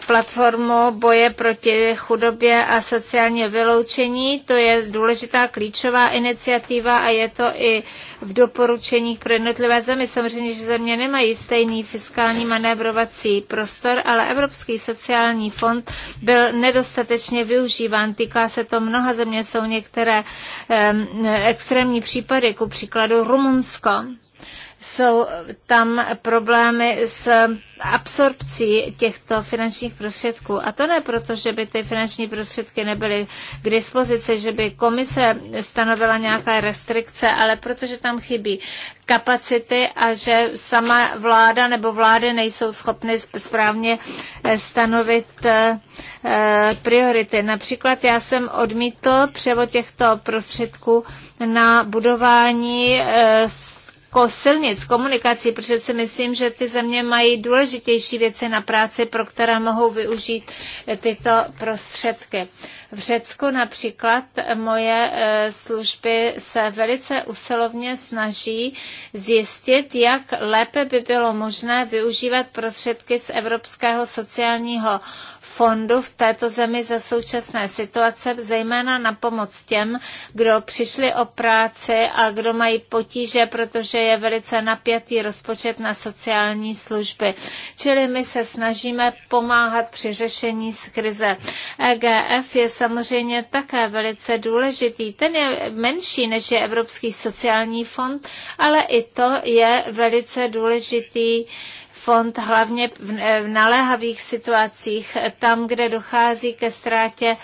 platformu boje proti chudobě a sociálního vyloučení, to je důležitá klíčová iniciativa a je to i v doporučeních pro jednotlivé zemi. Samozřejmě, že země nemají stejný fiskální manévrovací prostor, ale Evropský sociální fond byl nedostatečně využíván. Týká se to mnoha země, jsou některé um, extrémní případy, ku příkladu Rumunsko. Jsou tam problémy s absorpcí těchto finančních prostředků. A to ne proto, že by ty finanční prostředky nebyly k dispozici, že by komise stanovila nějaká restrikce, ale protože tam chybí kapacity a že sama vláda nebo vlády nejsou schopny správně eh, stanovit eh, eh, priority. Například já jsem odmítl převod těchto prostředků na budování jako silnic, komunikací, protože si myslím, že ty země mají důležitější věci na práci, pro které mohou využít eh, tyto prostředky. V Řecku například eh, moje eh, služby se velice usilovně snaží zjistit, jak lépe by bylo možné využívat prostředky z Evropského sociálního fondu v této zemi za současné situace, zejména na pomoc těm, kdo přišli o práci a kdo mají potíže, protože je velice napjatý rozpočet na sociální služby. Čili my se snažíme pomáhat při řešení z krize. EGF je samozřejmě také velice důležitý. Ten je menší než je Evropský sociální fond, ale i to je velice důležitý fond hlavně eh, v naléhavých situacích, tam, kde dochází ke ztrátě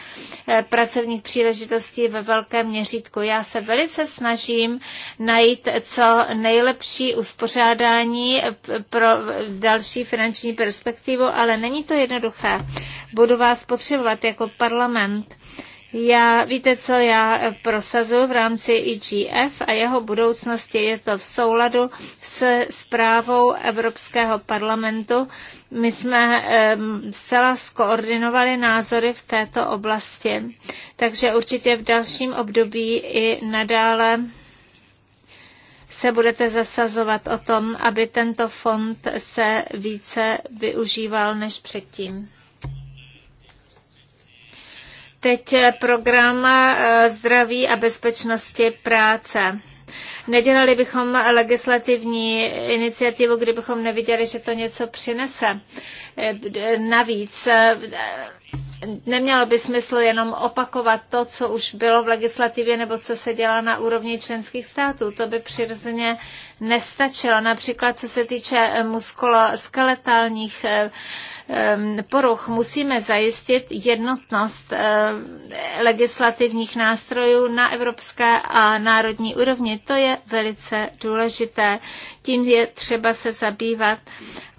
eh, pracovních příležitostí ve velkém měřítku. Já se velice snažím najít co nejlepší uspořádání eh, pro další finanční perspektivu, ale není to jednoduché. Budu vás potřebovat jako parlament. Já, víte, co já eh, prosazuji v rámci IGF a jeho budoucnosti je to v souladu s zprávou Evropského parlamentu. My jsme ehm, zcela skoordinovali názory v této oblasti, takže určitě v dalším období i nadále se budete zasazovat o tom, aby tento fond se více využíval než předtím. Teď program eh, zdraví a bezpečnosti práce. Nedělali bychom legislativní iniciativu, kdybychom neviděli, že to něco přinese. Eh, navíc eh, nemělo by smysl jenom opakovat to, co už bylo v legislativě nebo co se dělá na úrovni členských států. To by přirozeně nestačilo. Například co se týče eh, muskuloskeletálních eh, eh, poruch musíme zajistit jednotnost legislativních nástrojů na evropské a národní úrovni. To je velice důležité. Tím je třeba se zabývat.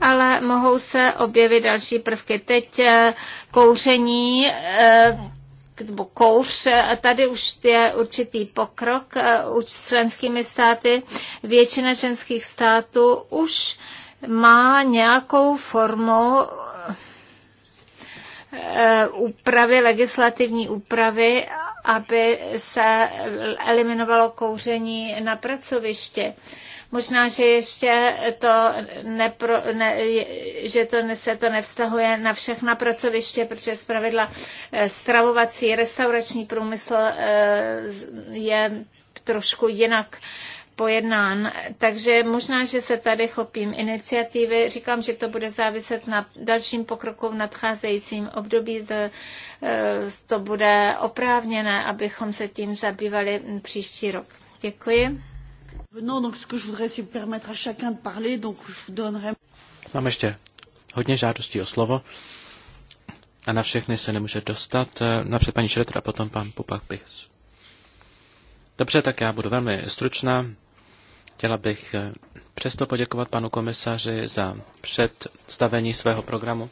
Ale mohou se objevit další prvky. Teď kouření pálení eh, nebo kouř. Eh, tady už je určitý pokrok eh, už s členskými státy. Většina členských států už má nějakou formu úpravy, legislativní úpravy, aby se eliminovalo kouření na pracovišti. Možná, že ještě to, nepro, ne, že to se to nevztahuje na všechna pracoviště, protože zpravidla eh, stravovací, restaurační průmysl eh, je trošku jinak pojednán. Takže možná, že se tady chopím iniciativy. Říkám, že to bude záviset na dalším pokroku v nadcházejícím období. Eh, to bude oprávněné, abychom se tím zabývali příští rok. Děkuji. Mám ještě hodně žádostí o slovo a na všechny se nemůže dostat. Eh, napřed paní Šretr a potom pan Pupak Pichs. Dobře, tak já budu velmi stručná. Chtěla bych eh, přesto poděkovat panu komisaři za představení svého programu.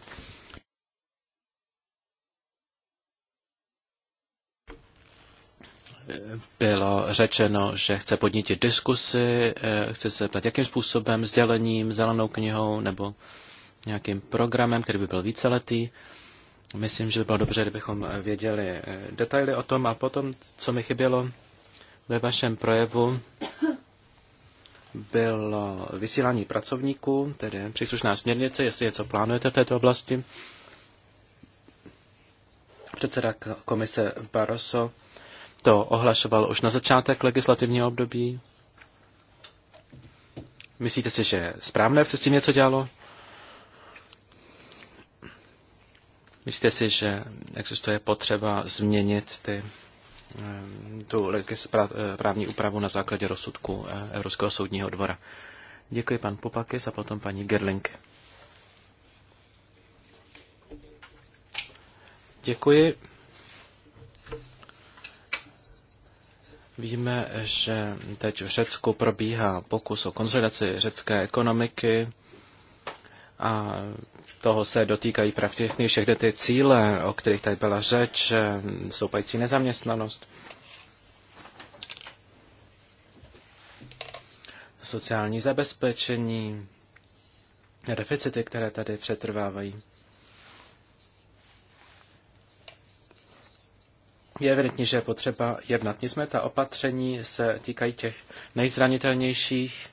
bylo řečeno, že chce podnítit diskusy, eh, chce se ptát, jakým způsobem, sdělením, zelenou knihou nebo nějakým programem, který by byl víceletý. Myslím, že by bylo dobře, kdybychom eh, věděli eh, detaily o tom. A potom, co mi chybělo ve vašem projevu, bylo vysílání pracovníků, tedy příslušná směrnice, jestli něco co plánujete v této oblasti. Předseda komise Barroso to ohlašoval už na začátek legislativního období. Myslíte si, že je správné, se s tím něco dělalo? Myslíte si, že existuje potřeba změnit ty, eh, tu eh, právní úpravu na základě rozsudku eh, Evropského soudního dvora? Děkuji pan Popakis a potom paní Gerling. Děkuji. Víme, že teď v Řecku probíhá pokus o konsolidaci řecké ekonomiky a toho se dotýkají prakticky všechny ty cíle, o kterých tady byla řeč, eh, stoupající nezaměstnanost, sociální zabezpečení, deficity, které tady přetrvávají. je evidentní, že je potřeba jednat. Nicméně ta opatření se týkají těch nejzranitelnějších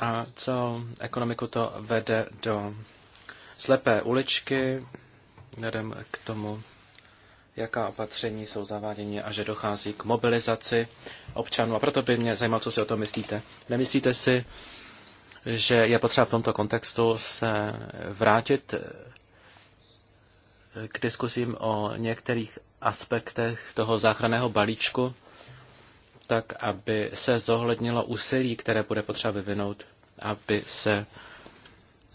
a co ekonomiku to vede do slepé uličky, vzhledem k tomu, jaká opatření jsou zavádění a že dochází k mobilizaci občanů. A proto by mě zajímalo, co si o tom myslíte. Nemyslíte si, že je potřeba v tomto kontextu se vrátit k diskuzím o některých aspektech toho záchranného balíčku, tak aby se zohlednilo úsilí, které bude potřeba vyvinout, aby se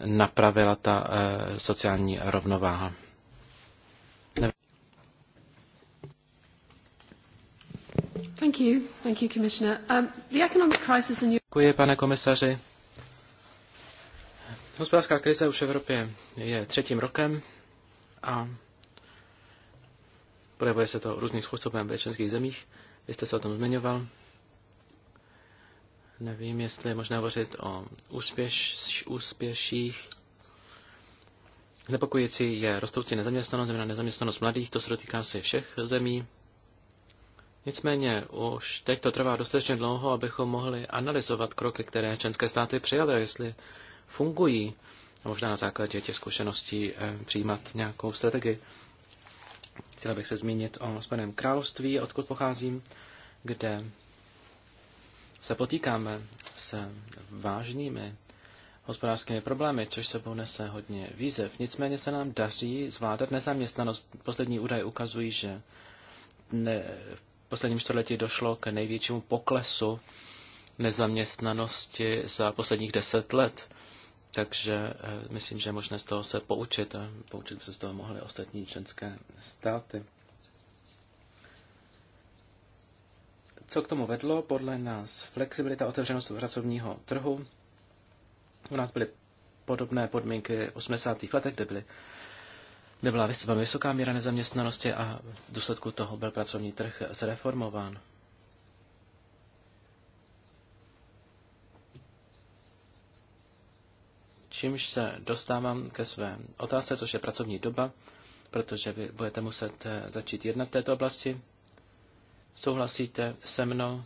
napravila ta eh, sociální rovnováha. Thank you. Thank you, Commissioner. Um, the economic crisis in Europe... Děkuji, pane komisaři. Hospodářská krize už v Evropě je třetím rokem a projevuje se to různým způsobem ve členských zemích. Vy jste se o tom zmiňoval. Nevím, jestli je možné hovořit o úspěš, úspěších. Znepokojící je rostoucí nezaměstnanost, znamená nezaměstnanost mladých, to se dotýká se všech zemí. Nicméně už teď to trvá dostatečně dlouho, abychom mohli analyzovat kroky, které členské státy přijaly, jestli fungují a možná na základě těch zkušeností eh, přijímat nějakou strategii. Chtěla bych se zmínit o Spojeném království, odkud pocházím, kde se potýkáme s vážnými hospodářskými problémy, což sebou nese hodně výzev. Nicméně se nám daří zvládat nezaměstnanost. Poslední údaje ukazují, že ne, v posledním čtvrtletí došlo k největšímu poklesu nezaměstnanosti za posledních deset let. Takže eh, myslím, že je možné z toho se poučit a poučit by se z toho mohly ostatní členské státy. Co k tomu vedlo? Podle nás flexibilita, otevřenost pracovního trhu. U nás byly podobné podmínky v 80. letech, kde, byly, kde byla velmi vysoká míra nezaměstnanosti a v důsledku toho byl pracovní trh zreformován. Čímž se dostávám ke své otázce, což je pracovní doba, protože vy budete muset eh, začít jednat v této oblasti. Souhlasíte se mnou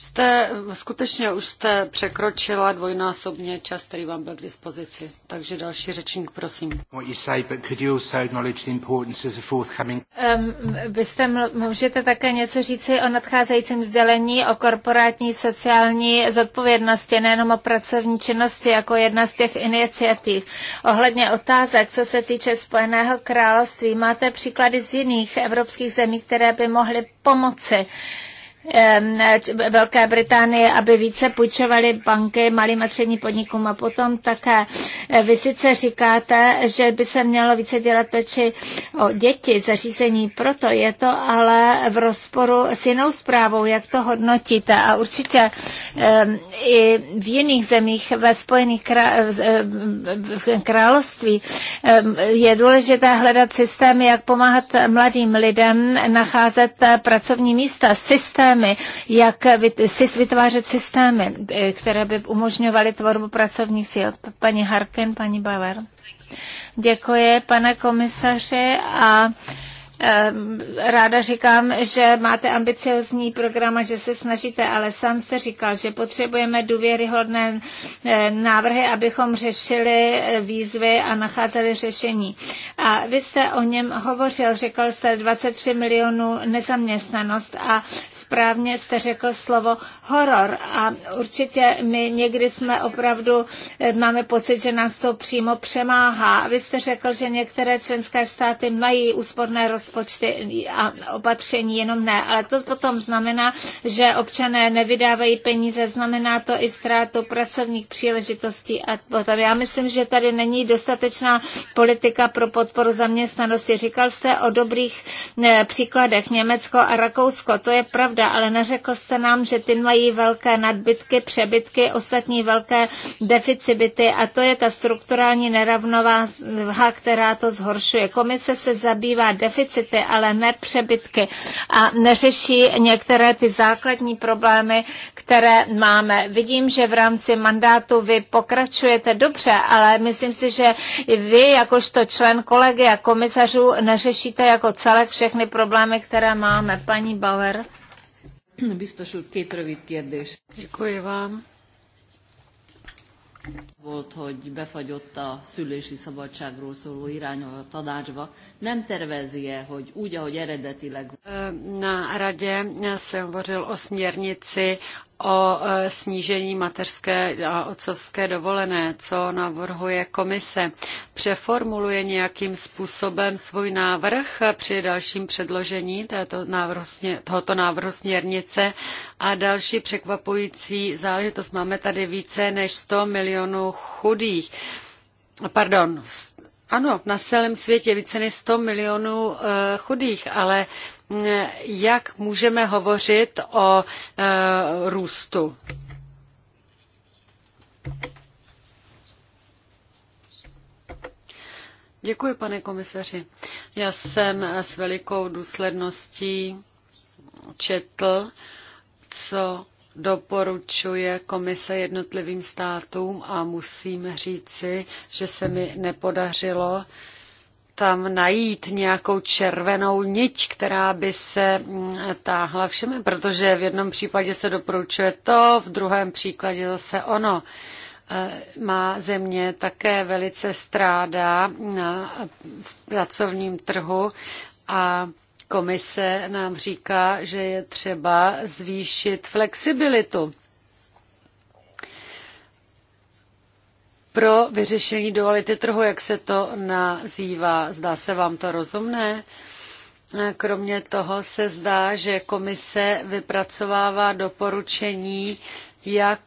Jste, skutečně už jste překročila dvojnásobně čas, který vám byl k dispozici. Takže další řečník, prosím. Um, vy jste, můžete také něco říci o nadcházejícím sdělení o korporátní sociální zodpovědnosti, nejenom o pracovní činnosti, jako jedna z těch iniciativ. Ohledně otázek, co se týče Spojeného království, máte příklady z jiných evropských zemí, které by mohly pomoci Velké Británie, aby více půjčovaly banky malým a středním podnikům. A potom také eh, vy sice říkáte, že by se mělo více dělat peči o děti, zařízení, proto je to ale v rozporu s jinou zprávou, jak to hodnotíte. A určitě i v jiných zemích, ve Spojených krá... Eh, království, je důležité hledat systémy, jak pomáhat mladým lidem nacházet pracovní místa. Systém systémy, jak vytvářet systémy, eh, které by umožňovaly tvorbu pracovních sil. Paní Harkin, paní Bauer. Děkuji, pane komisaři, a Ehm, ráda říkám, že máte ambiciozní program a že se snažíte, ale sám jste říkal, že potřebujeme důvěryhodné eh, návrhy, abychom řešili eh, výzvy a nacházeli řešení. A vy jste o něm hovořil, řekl jste 23 milionů nezaměstnanost a správně jste řekl slovo horor a určitě my někdy jsme opravdu, eh, máme pocit, že nás to přímo přemáhá. Vy jste řekl, že některé členské státy mají úsporné rozpočty rozpočty a opatření, jenom ne. Ale to potom znamená, že občané nevydávají peníze, znamená to i ztrátu pracovních příležitostí a potom. Já myslím, že tady není dostatečná politika pro podporu zaměstnanosti. Říkal jste o dobrých ne, příkladech Německo a Rakousko, to je pravda, ale neřekl jste nám, že ty mají velké nadbytky, přebytky, ostatní velké deficity a to je ta strukturální nerovnováha, která to zhoršuje. Komise se zabývá deficity deficity, ale ne přebytky a neřeší některé ty základní problémy, které máme. Vidím, že v rámci mandátu vy pokračujete dobře, ale myslím si, že vy jakožto člen kolegy a komisařů neřešíte jako celek všechny problémy, které máme. Paní Bauer. Děkuji vám volt, hogy befagyott a szülési szabadságról szóló irányol a tanácsba. Nem tervezi-e, hogy úgy, ahogy eredetileg... Na radě se hovořil o směrnici o e, snížení mateřské a otcovské dovolené, co navrhuje komise. Přeformuluje nějakým způsobem svůj návrh při dalším předložení této návrhu, tohoto návrhu směrnice a další překvapující záležitost. Máme tady více než 100 milionů chudých. Pardon, ano, na celém světě více než 100 milionů e, chudých, ale jak můžeme hovořit o e, růstu. Děkuji, pane komisaři. Já jsem s velikou důsledností četl, co doporučuje komise jednotlivým státům a musím říci, že se mi nepodařilo uh, tam najít nějakou červenou niť, která by se mm, táhla všem, protože v jednom případě se doporučuje to, v druhém příkladě zase ono. E, má země také velice strádá na, v pracovním trhu a komise nám říká, že je třeba zvýšit flexibilitu pro vyřešení duality trhu, jak se to nazývá. Zdá se vám to rozumné? Kromě toho se zdá, že komise vypracovává doporučení, jak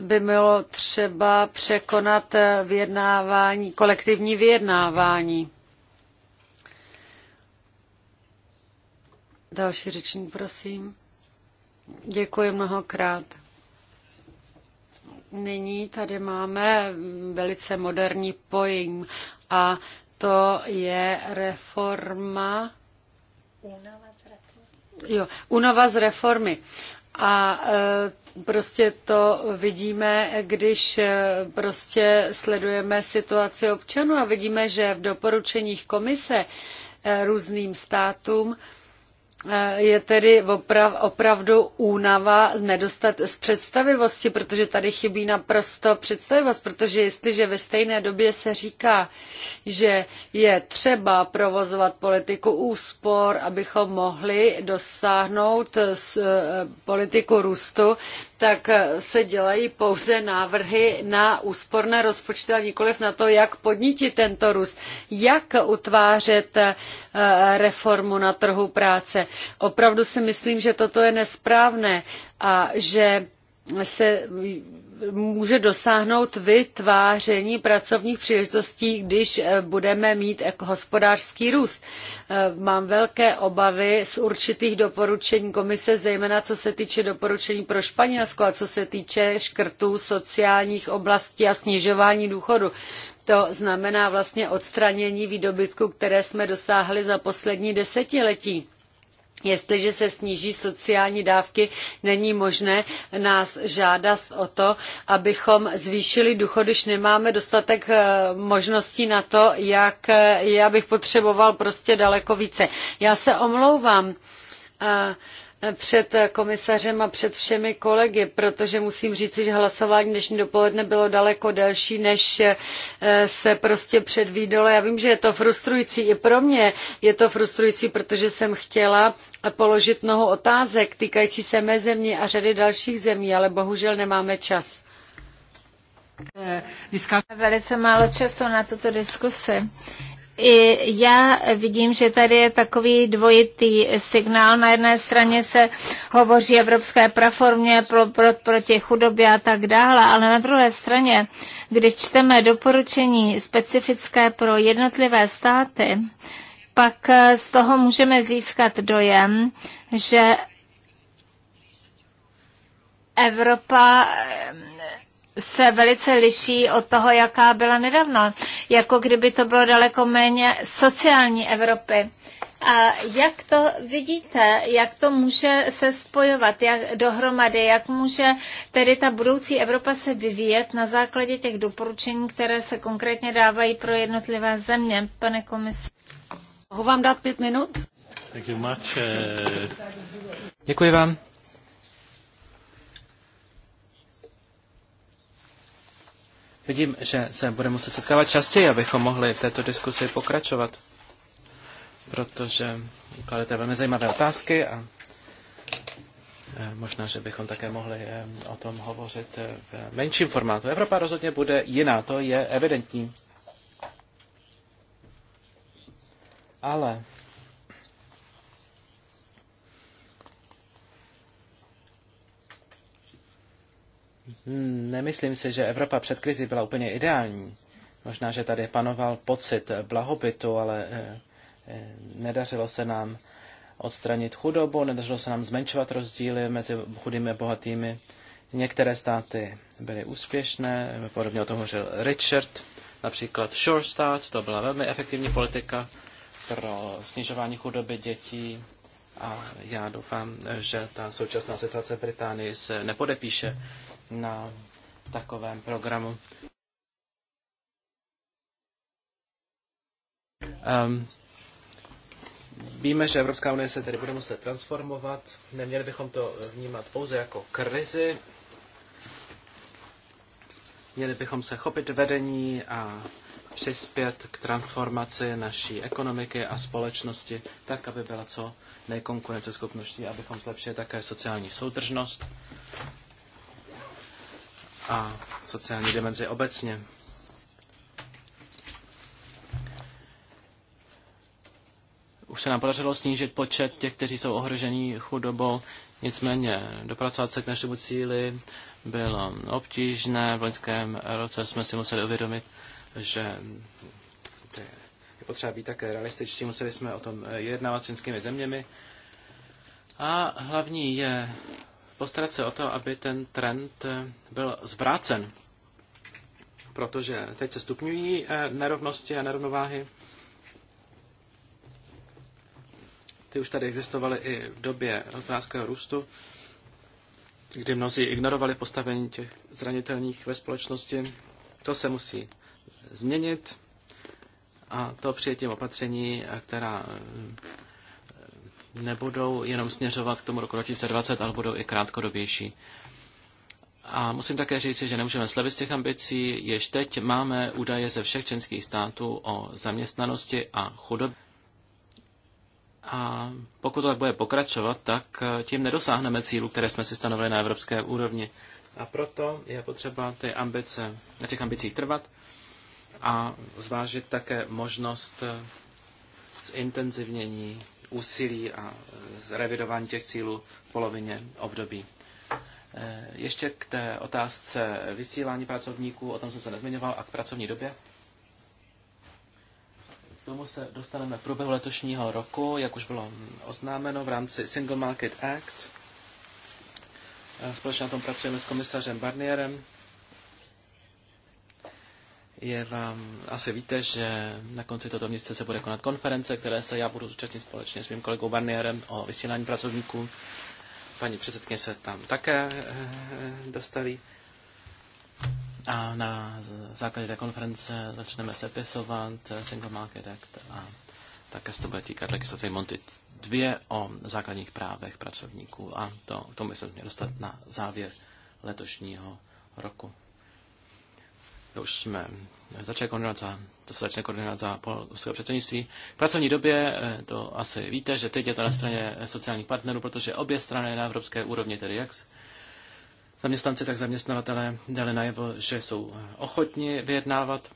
by bylo třeba překonat vyjednávání, kolektivní vyjednávání. Další řečník, prosím. Děkuji mnohokrát. Nyní tady máme velice moderní pojím a to je reforma. Jo, unava z reformy. A e, prostě to vidíme, když e, prostě sledujeme situaci občanů a vidíme, že v doporučeních komise e, různým státům Eh, je tedy oprav, opravdu únava nedostat z představivosti, protože tady chybí naprosto představivost, protože jestliže ve stejné době se říká, že je třeba provozovat politiku úspor, abychom mohli dosáhnout eh, politiku růstu, tak eh, se dělají pouze návrhy na úsporné rozpočty, ale nikoliv na to, jak podnítit tento růst, jak utvářet eh, reformu na trhu práce. Opravdu si myslím, že toto je nesprávné a že se může dosáhnout vytváření pracovních příležitostí, když eh, budeme mít jako hospodářský růst. Eh, mám velké obavy z určitých doporučení komise, zejména co se týče doporučení pro Španělsko a co se týče škrtů sociálních oblastí a snižování důchodu. To znamená vlastně odstranění výdobytku, které jsme dosáhli za poslední desetiletí Jestliže se sníží sociální dávky, není možné nás žádat o to, abychom zvýšili důchod, když nemáme dostatek eh, možností na to, jak eh, já bych potřeboval prostě daleko více. Já se omlouvám eh, před komisařem a před všemi kolegy, protože musím říci, že hlasování dnešní dopoledne bylo daleko delší, než se prostě předvídalo. Já vím, že je to frustrující i pro mě. Je to frustrující, protože jsem chtěla položit mnoho otázek týkající se mé země a řady dalších zemí, ale bohužel nemáme čas. Velice málo času na tuto diskusi. I já vidím, že tady je takový dvojitý signál. Na jedné straně se hovoří evropské praformě pro, pro, proti chudobě a tak dále, ale na druhé straně, když čteme doporučení specifické pro jednotlivé státy, pak eh, z toho můžeme získat dojem, že Evropa eh, se velice liší od toho, jaká byla nedávno. Jako kdyby to bylo daleko méně sociální Evropy. A jak to vidíte, jak to může se spojovat jak dohromady, jak může tedy ta budoucí Evropa se vyvíjet na základě těch doporučení, které se konkrétně dávají pro jednotlivé země, pane komisaři? Mohu vám dát pět minut? Thank you much. Eh. Děkuji vám. Vidím, že se budeme muset setkávat častěji, abychom mohli v této diskusi pokračovat, protože kladete velmi zajímavé otázky a eh, možná, že bychom také mohli eh, o tom hovořit v menším formátu. Evropa rozhodně bude jiná, to je evidentní. ale nemyslím si, že Evropa před krizi byla úplně ideální. Možná, že tady panoval pocit blahobytu, ale eh, eh, nedařilo se nám odstranit chudobu, nedařilo se nám zmenšovat rozdíly mezi chudými a bohatými. Některé státy byly úspěšné, podobně o tom hovořil Richard, například Shore to byla velmi efektivní politika, pro snižování chudoby dětí a já doufám, že ta současná situace v Británii se nepodepíše na takovém programu. Um, víme, že Evropská unie se tedy bude muset transformovat. Neměli bychom to vnímat pouze jako krizi. Měli bychom se chopit vedení a přispět k transformaci naší ekonomiky a společnosti tak, aby byla co nejkonkurenceschopnější, abychom zlepšili také sociální soudržnost a sociální dimenzi obecně. Už se nám podařilo snížit počet těch, kteří jsou ohroženi chudobou, nicméně dopracovat se k našemu cíli bylo obtížné. V loňském roce jsme si museli uvědomit, že je potřeba být také realističtí. Museli jsme o tom eh, jednávat s čínskými zeměmi. A hlavní je postarat se o to, aby ten trend eh, byl zvrácen. Protože teď se stupňují eh, nerovnosti a nerovnováhy. Ty už tady existovaly i v době hospodářského růstu, kdy mnozí ignorovali postavení těch zranitelných ve společnosti. To se musí změnit a to přijetím opatření, která eh, nebudou jenom směřovat k tomu roku 2020, ale budou i krátkodobější. A musím také říci, že nemůžeme slevit z těch ambicí. Jež teď máme údaje ze všech členských států o zaměstnanosti a chudobě. A pokud to tak bude pokračovat, tak eh, tím nedosáhneme cílů, které jsme si stanovili na evropské úrovni. A proto je potřeba ty ambice, na těch ambicích trvat a zvážit také možnost eh, zintenzivnění úsilí a zrevidování eh, těch cílů v polovině období. Eh, ještě k té otázce vysílání pracovníků, o tom jsem se nezmiňoval, a k pracovní době. K tomu se dostaneme v průběhu letošního roku, jak už bylo oznámeno v rámci Single Market Act. Společně na tom pracujeme s komisařem Barnierem je vám, asi víte, že na konci tohoto měsíce se bude konat konference, které se já budu zúčastnit společně s mým kolegou Barnierem o vysílání pracovníků. Paní předsedkyně se tam také eh, dostaví. A na základě té konference začneme sepisovat eh, Single Market Act a také se to bude týkat legislativy Monty 2 o základních právech pracovníků a to, k tomu se měl dostat na závěr letošního roku už jsme eh, začali koordinovat za, to se začne koordinovat za polského předsednictví. V pracovní době eh, to asi víte, že teď je to na straně sociálních partnerů, protože obě strany na evropské úrovni, tedy jak zaměstnanci, tak zaměstnavatelé, dali najevo, že jsou eh, ochotni vyjednávat.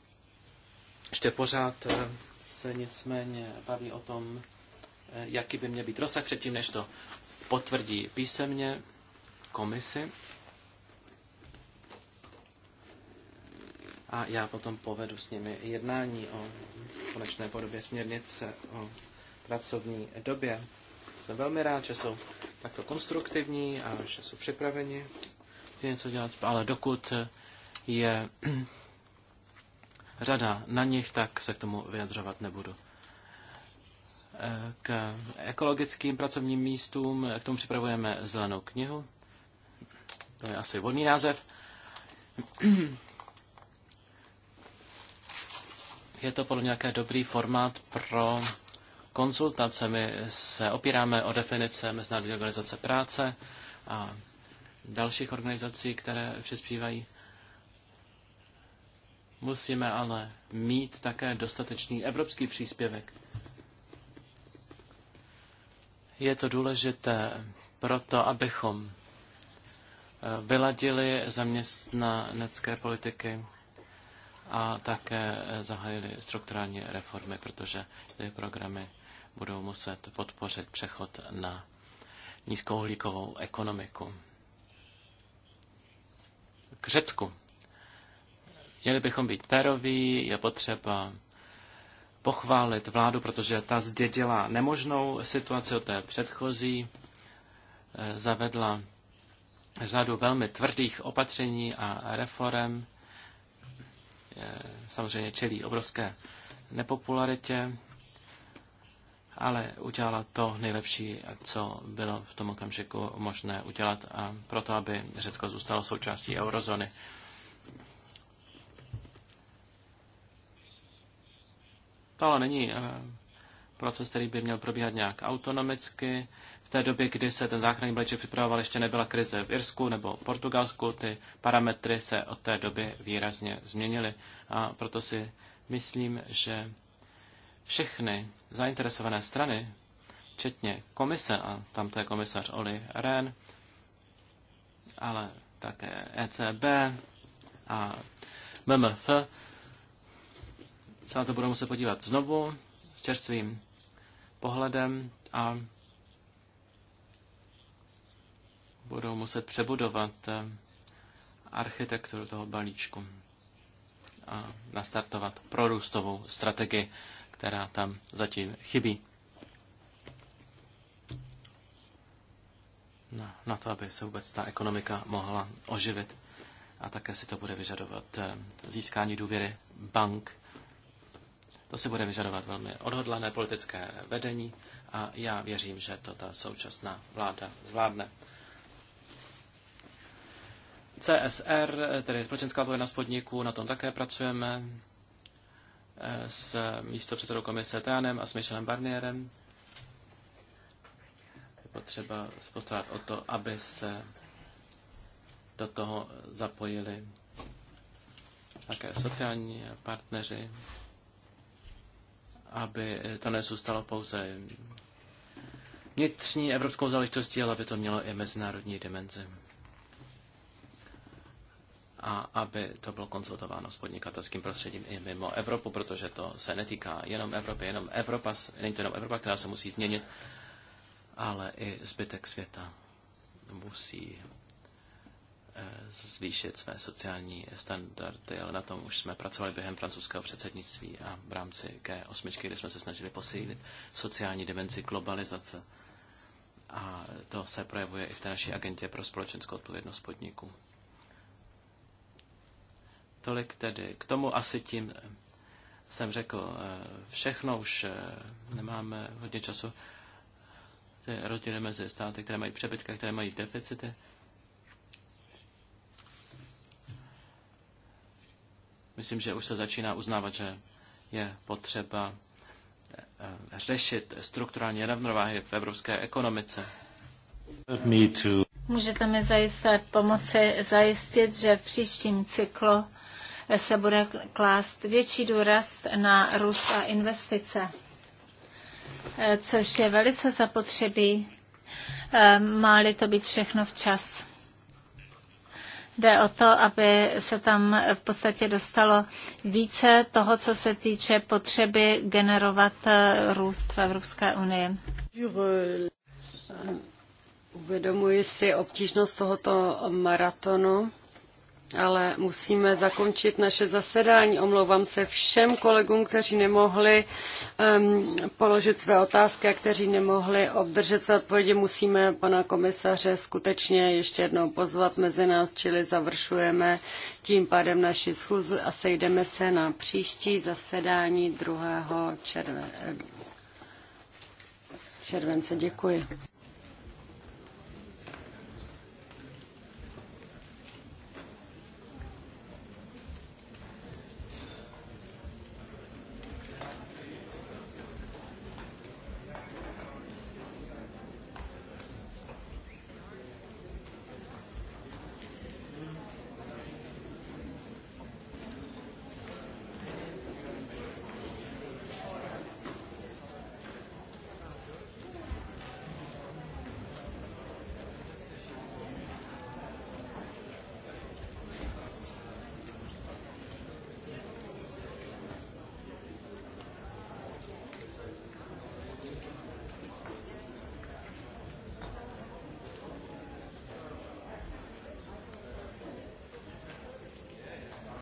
Ještě pořád se nicméně baví o tom, jaký by měl být rozsah předtím, než to potvrdí písemně komisi. a já potom povedu s nimi jednání o konečné podobě směrnice o pracovní době. Jsem velmi rád, že jsou takto konstruktivní a že jsou připraveni něco dělat, ale dokud je řada na nich, tak se k tomu vyjadřovat nebudu. K ekologickým pracovním místům, k tomu připravujeme zelenou knihu. To je asi vodný název. je to podle nějaké nějaký dobrý formát pro konzultace. My se opíráme o definice Mezinárodní organizace práce a dalších organizací, které přispívají. Musíme ale mít také dostatečný evropský příspěvek. Je to důležité proto, abychom vyladili zaměstnanecké politiky a také zahájili strukturální reformy, protože ty programy budou muset podpořit přechod na nízkouhlíkovou ekonomiku. K Řecku. Měli bychom být péroví, je potřeba pochválit vládu, protože ta zdědila nemožnou situaci od té předchozí, eh, zavedla řadu velmi tvrdých opatření a reform, samozřejmě čelí obrovské nepopularitě, ale udělala to nejlepší, co bylo v tom okamžiku možné udělat a proto, aby Řecko zůstalo součástí eurozóny. To ale není eh, proces, který by měl probíhat nějak autonomicky v té době, kdy se ten záchranný balíček připravoval, ještě nebyla krize v Irsku nebo Portugalsku, ty parametry se od té doby výrazně změnily. A proto si myslím, že všechny zainteresované strany, včetně komise, a tam to je komisař Oli Rehn, ale také ECB a MMF, se na to budou muset podívat znovu s čerstvým pohledem a budou muset přebudovat eh, architekturu toho balíčku a nastartovat prorůstovou strategii, která tam zatím chybí. No, na to, aby se vůbec ta ekonomika mohla oživit. A také si to bude vyžadovat eh, získání důvěry bank. To si bude vyžadovat velmi odhodlané politické vedení a já věřím, že to ta současná vláda zvládne. CSR, tedy společenská odpovědnost spodníku, na tom také pracujeme eh, s předsedou komise Teanem a s Michelem Barnierem. Je potřeba postarat o to, aby se do toho zapojili také sociální partneři, aby to nezůstalo pouze vnitřní evropskou záležitostí, ale aby to mělo i mezinárodní dimenzi a aby to bylo konzultováno s podnikatelským prostředím i mimo Evropu, protože to se netýká jenom Evropy, jenom Evropa, není to jenom Evropa, která se musí změnit, ale i zbytek světa musí eh, zvýšit své sociální standardy, ale na tom už jsme pracovali během francouzského předsednictví a v rámci G8, kde jsme se snažili posílit sociální dimenzi globalizace. A to se projevuje i v té naší agentě pro společenskou odpovědnost podniků. Tolik tedy k tomu asi tím eh, jsem řekl eh, všechno, už eh, nemáme hodně času. rozdíly mezi státy, které mají přebytky, které mají deficity. Myslím, že už se začíná uznávat, že je potřeba řešit strukturální nerovnováhy v evropské ekonomice. Můžete mi zajistit pomoci zajistit, že v příštím cyklu se bude klást větší důraz na růst a investice, eh, což je velice zapotřebí, eh, má-li to být všechno včas. Jde o to, aby se tam v podstatě dostalo více toho, co se týče potřeby generovat eh, růst v Evropské unii. Uvědomuji si obtížnost tohoto maratonu ale musíme zakončit naše zasedání. Omlouvám se všem kolegům, kteří nemohli um, položit své otázky a kteří nemohli obdržet své odpovědi. Musíme pana komisaře skutečně ještě jednou pozvat mezi nás, čili završujeme tím pádem naši schůzu a sejdeme se na příští zasedání 2. července. Děkuji.